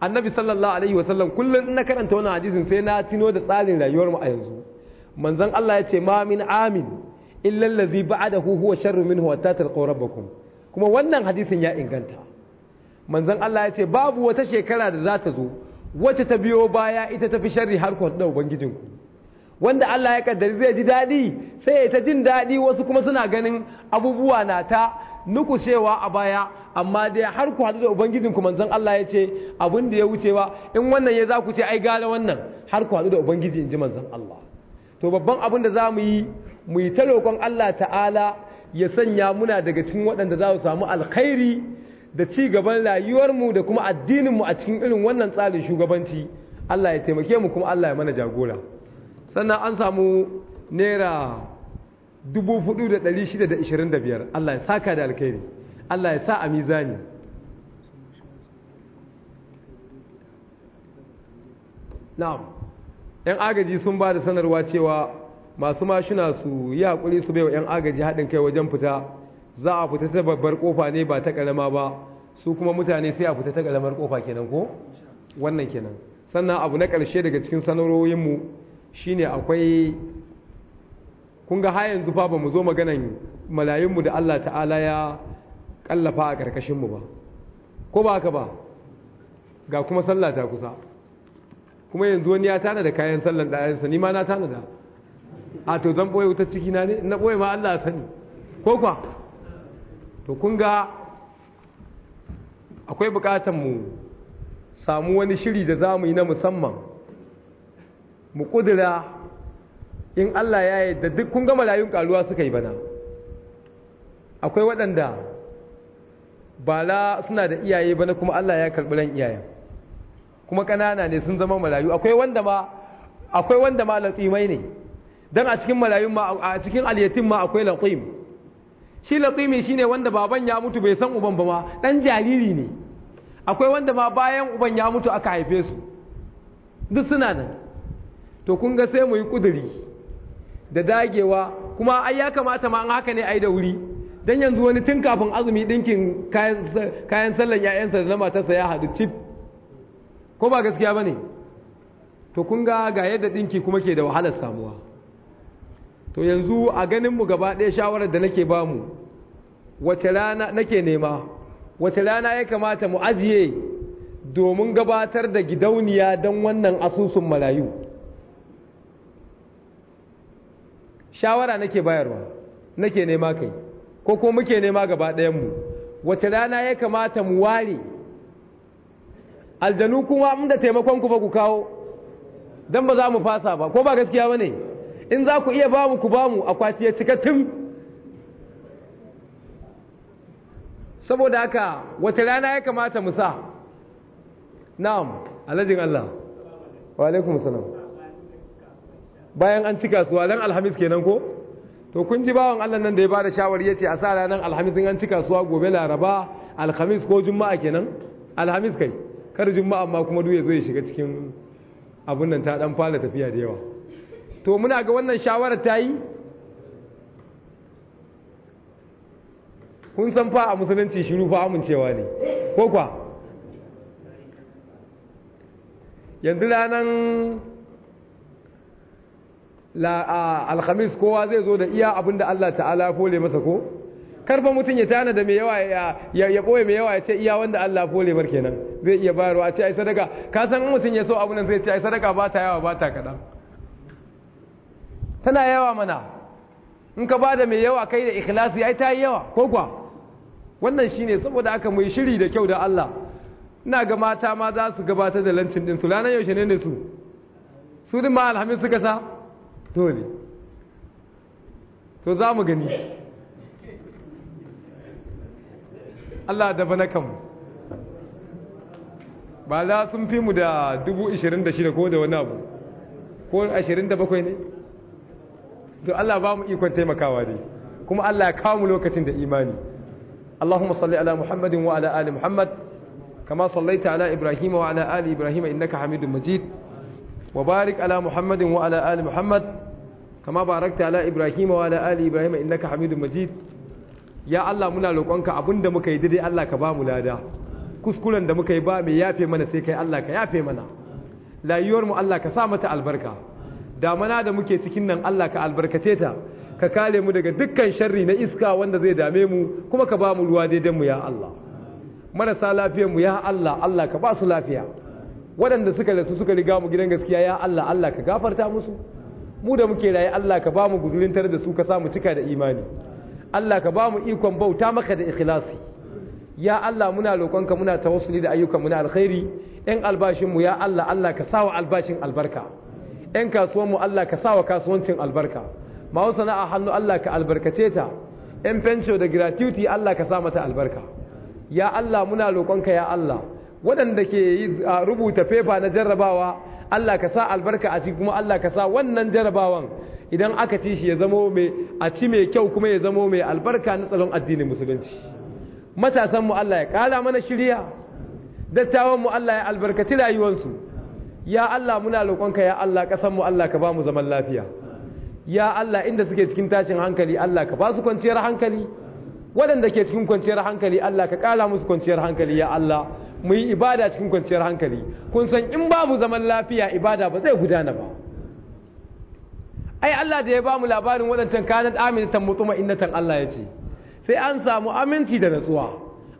annabi sallallahu alaihi wasallam kullum in na karanta wannan hadisin sai na tino da tsarin rayuwar mu a yanzu manzon Allah ya ce ma min amin illa allazi ba'adahu huwa sharru minhu wa tatal rabbakum kuma wannan hadisin ya inganta manzon Allah ya ce babu wata shekara da za ta zo wacce ta biyo baya ita ta tafi sharri har ku da ubangijinku wanda Allah ya kaddari zai ji daɗi sai ya ta jin daɗi wasu kuma suna ganin abubuwa na ta nuku cewa a baya amma dai har ku haɗu da ubangijin ku manzon Allah ya ce abin da ya wuce ba in wannan ya za ku ce ai gane wannan har ku haɗu da ubangiji in ji manzon Allah to babban abin da za mu yi mu yi ta roƙon Allah ta'ala ya sanya muna daga cikin waɗanda za su samu alkhairi da ci gaban rayuwarmu da kuma mu a cikin irin wannan tsarin shugabanci Allah ya taimake mu kuma Allah ya mana jagora sannan an samu naira 4,625 Allah ya saka da alkhairi Allah ya sa a mizani na'am yan agaji sun ba da sanarwa cewa masu mashina su yi haƙuri su bai wa yan agaji haɗin kai wajen fita za a fita ta babbar ƙofa ne ba ta ƙarama ba su kuma mutane sai a fita ta ƙaramar ƙofa kenan ko wannan kenan sannan abu na ƙarshe daga cikin sanarwoyinmu shine akwai kun ga ha yanzu fa ba mu zo maganan malayinmu da Allah ta'ala ya kallafa a ƙarƙashinmu ba ko ba haka ba ga kuma sallah ta kusa kuma yanzu wani ya tana da kayan sallan ɗayansa ni ma na tana da a to zan ɓoye wutar ciki na ne na ɓoye ma Allah sani ko kwa to kun ga akwai buƙatar mu samu wani shiri da za mu yi na musamman mu ƙudura in Allah ya da duk kun ga marayun karuwa suka yi bana akwai waɗanda ba la suna da iyaye bana kuma Allah ya karɓi ran iyayen kuma ƙanana ne sun zama marayu akwai wanda ma akwai wanda ma latsimai ne dan a cikin malayun ma a cikin aliyatin ma akwai latsim shi laqimi shine wanda baban ya mutu bai san uban ba ma dan jariri ne akwai wanda ma bayan uban ya mutu aka haife su duk suna nan to kun ga sai mu yi kuduri da dagewa kuma ai ya kamata ma an haka ne ai da wuri dan yanzu wani tun kafin azumi dinkin kayan kayan sallan ƴaƴansa da na matarsa ya hadu tip ko ba gaskiya bane to kun ga ga yadda dinki kuma ke da wahalar samuwa to yanzu a ganin mu gaba ɗaya shawarar da nake ba mu wace rana nake nema wace rana ya kamata mu ajiye domin gabatar da gidauniya don wannan asusun marayu shawara nake bayarwa nake nema kai ko ko muke nema gaba ɗayanmu wace rana ya kamata mu ware aljanu kuma inda taimakon ku ba ku kawo don ba za mu fasa ba ko ba gaskiya ba ne in za ku iya ba mu ku ba mu akwati ya cika tun saboda haka wace rana ya kamata mu sa na'am alhajin Allah wa alaikum salam bayan an cika suwa ran alhamis kenan ko to kun ji bawan Allah nan da ya bada shawari ce a sa ranar alhamis in an cika a gobe laraba alhamis ko juma'a kenan alhamis kai kar juma'a amma kuma duk ya zo ya shiga cikin abun nan ta dan fara tafiya da yawa to muna ga wannan shawarar ta yi kun san fa a musulunci shiru fa amincewa ne ko kwa yanzu ranar alhamis kowa zai zo da iya abin da Allah ta'ala fole masa ko karfa mutum ya tana da mai yawa ya ɓoye mai yawa ya ce iya wanda Allah fole mar kenan zai iya bayarwa a ce ai sadaka ka san mutum ya so abu nan zai ce ai sadaka ba ta yawa ba ta kaɗan tana yawa mana in ka bada mai yawa kai da ikhlasi ai ta yi yawa ko kwa wannan shine saboda aka mai shiri da kyau da Allah ina ga mata ma za su gabatar da lancin din su ranar yaushe ne ne su su din ma alhamis suka sa to ne to za mu gani Allah da bana kanmu ba za sun fi mu da 26,000 ko da wani abu ko 27 ne to Allah ba mu ikon taimakawa ne kuma Allah ya kawo mu lokacin da imani Allahumma salli ala Muhammadin wa ala ali Muhammad kama sallaita ala Ibrahim wa ala ali Ibrahim innaka Hamidu Majid Wabarik al'aani Muhammadu al'aani Muhammad kamar ba'a raktara Ibrahim wa al'aani Ibrahim inna ka Hamidu Majid. Ya Allah muna lokwan ka abun da muka yi da dai Allah ka bamu lada kuskuren da muka yi ba mai yafe mana sai kai Allah ka yafe mana layuwar mu Allah ka sa mata albarka damuna da muke cikin nan Allah ka albarkace ta ka kare mu daga dukkan sharri na iska wanda zai dame mu kuma ka bamu ruwa dai dai mu ya Allah marasa lafiyan mu ya Allah Allah ka basu lafiya. waɗanda suka rasu suka riga mu gidan gaskiya ya Allah Allah ka gafarta musu mu da muke raye Allah ka ba mu guzurin tare da su ka samu cika da imani Allah ka ba mu ikon bauta maka da ikhlasi ya Allah muna roƙonka muna tawassuli da ayyukan mu na alkhairi ɗan albashin mu ya Allah Allah ka sawa albashin albarka ɗan kasuwan mu Allah ka sawa kasuwancin albarka masu sana'a hannu Allah ka albarkace ta ɗan pension da gratuity Allah ka sa mata albarka ya Allah muna roƙonka ya Allah waɗanda ke rubuta fefa na jarrabawa Allah ka sa albarka a ciki kuma Allah ka sa wannan jarrabawan idan aka ci shi ya zamo mai a ci mai kyau kuma ya zamo mai albarka na tsaron addinin musulunci matasan mu Allah ya kala mana shirya dattawan Allah ya albarkaci rayuwarsu ya Allah muna roƙonka ya Allah ƙasar Allah ka ba mu zaman lafiya ya Allah inda suke cikin tashin hankali Allah ka ba su kwanciyar hankali waɗanda ke cikin kwanciyar hankali Allah ka kala musu kwanciyar hankali ya Allah mu yi ibada cikin kwanciyar hankali kun san in ba mu zaman lafiya ibada ba zai gudana ba ai Allah da ya ba mu labarin waɗancan kanat aminatan mutuma innatan Allah ya ce sai an samu aminci da natsuwa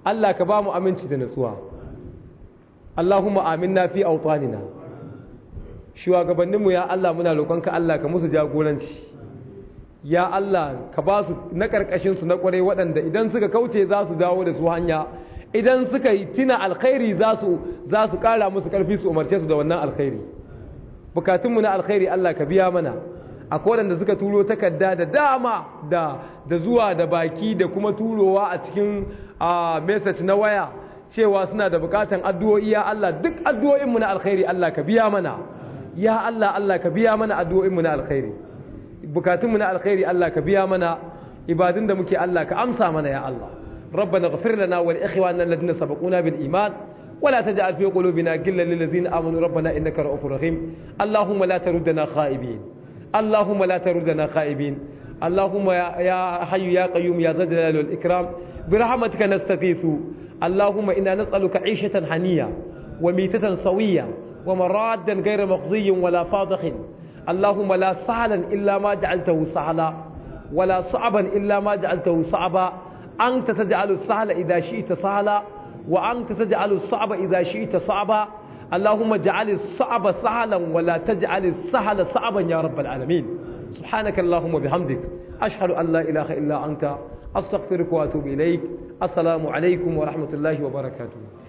Allah ka ba mu aminci da natsuwa Allahumma na fi awtanina shugabanninmu ya Allah muna roƙonka Allah ka musu jagoranci ya Allah ka ba su na ƙarƙashinsu na kwarai waɗanda idan suka kauce za su dawo da su hanya idan suka yi tina alkhairi za su za kara musu karfi su umarce su da wannan alkhairi bukatunmu na alkhairi Allah ka biya mana akwai wadanda suka turo takarda da dama da da zuwa da baki da kuma turowa a cikin message na waya cewa suna da bukatan addu'o'i ya Allah duk addu'o'inmu na alkhairi Allah ka biya mana ya Allah Allah ka biya mana addu'o'inmu na alkhairi bukatunmu na alkhairi Allah ka biya mana ibadun da muke Allah ka amsa mana ya Allah ربنا اغفر لنا ولإخواننا الذين سبقونا بالإيمان ولا تجعل في قلوبنا غلا للذين آمنوا ربنا إنك رؤوف رحيم اللهم لا تردنا خائبين اللهم لا تردنا خائبين اللهم يا حي يا قيوم يا ذا الجلال والإكرام برحمتك نستغيث اللهم إنا نسألك عيشة هنية وميتة سوية ومرادا غير مخزي ولا فاضخ اللهم لا سهلا إلا ما جعلته سهلا ولا صعبا إلا ما جعلته صعبا أنت تجعل السهل إذا شئت سهلا وأنت تجعل الصعب إذا شئت صعبا اللهم اجعل الصعب سهلا ولا تجعل السهل صعبا يا رب العالمين سبحانك اللهم وبحمدك أشهد أن لا إله إلا أنت أستغفرك وأتوب إليك السلام عليكم ورحمة الله وبركاته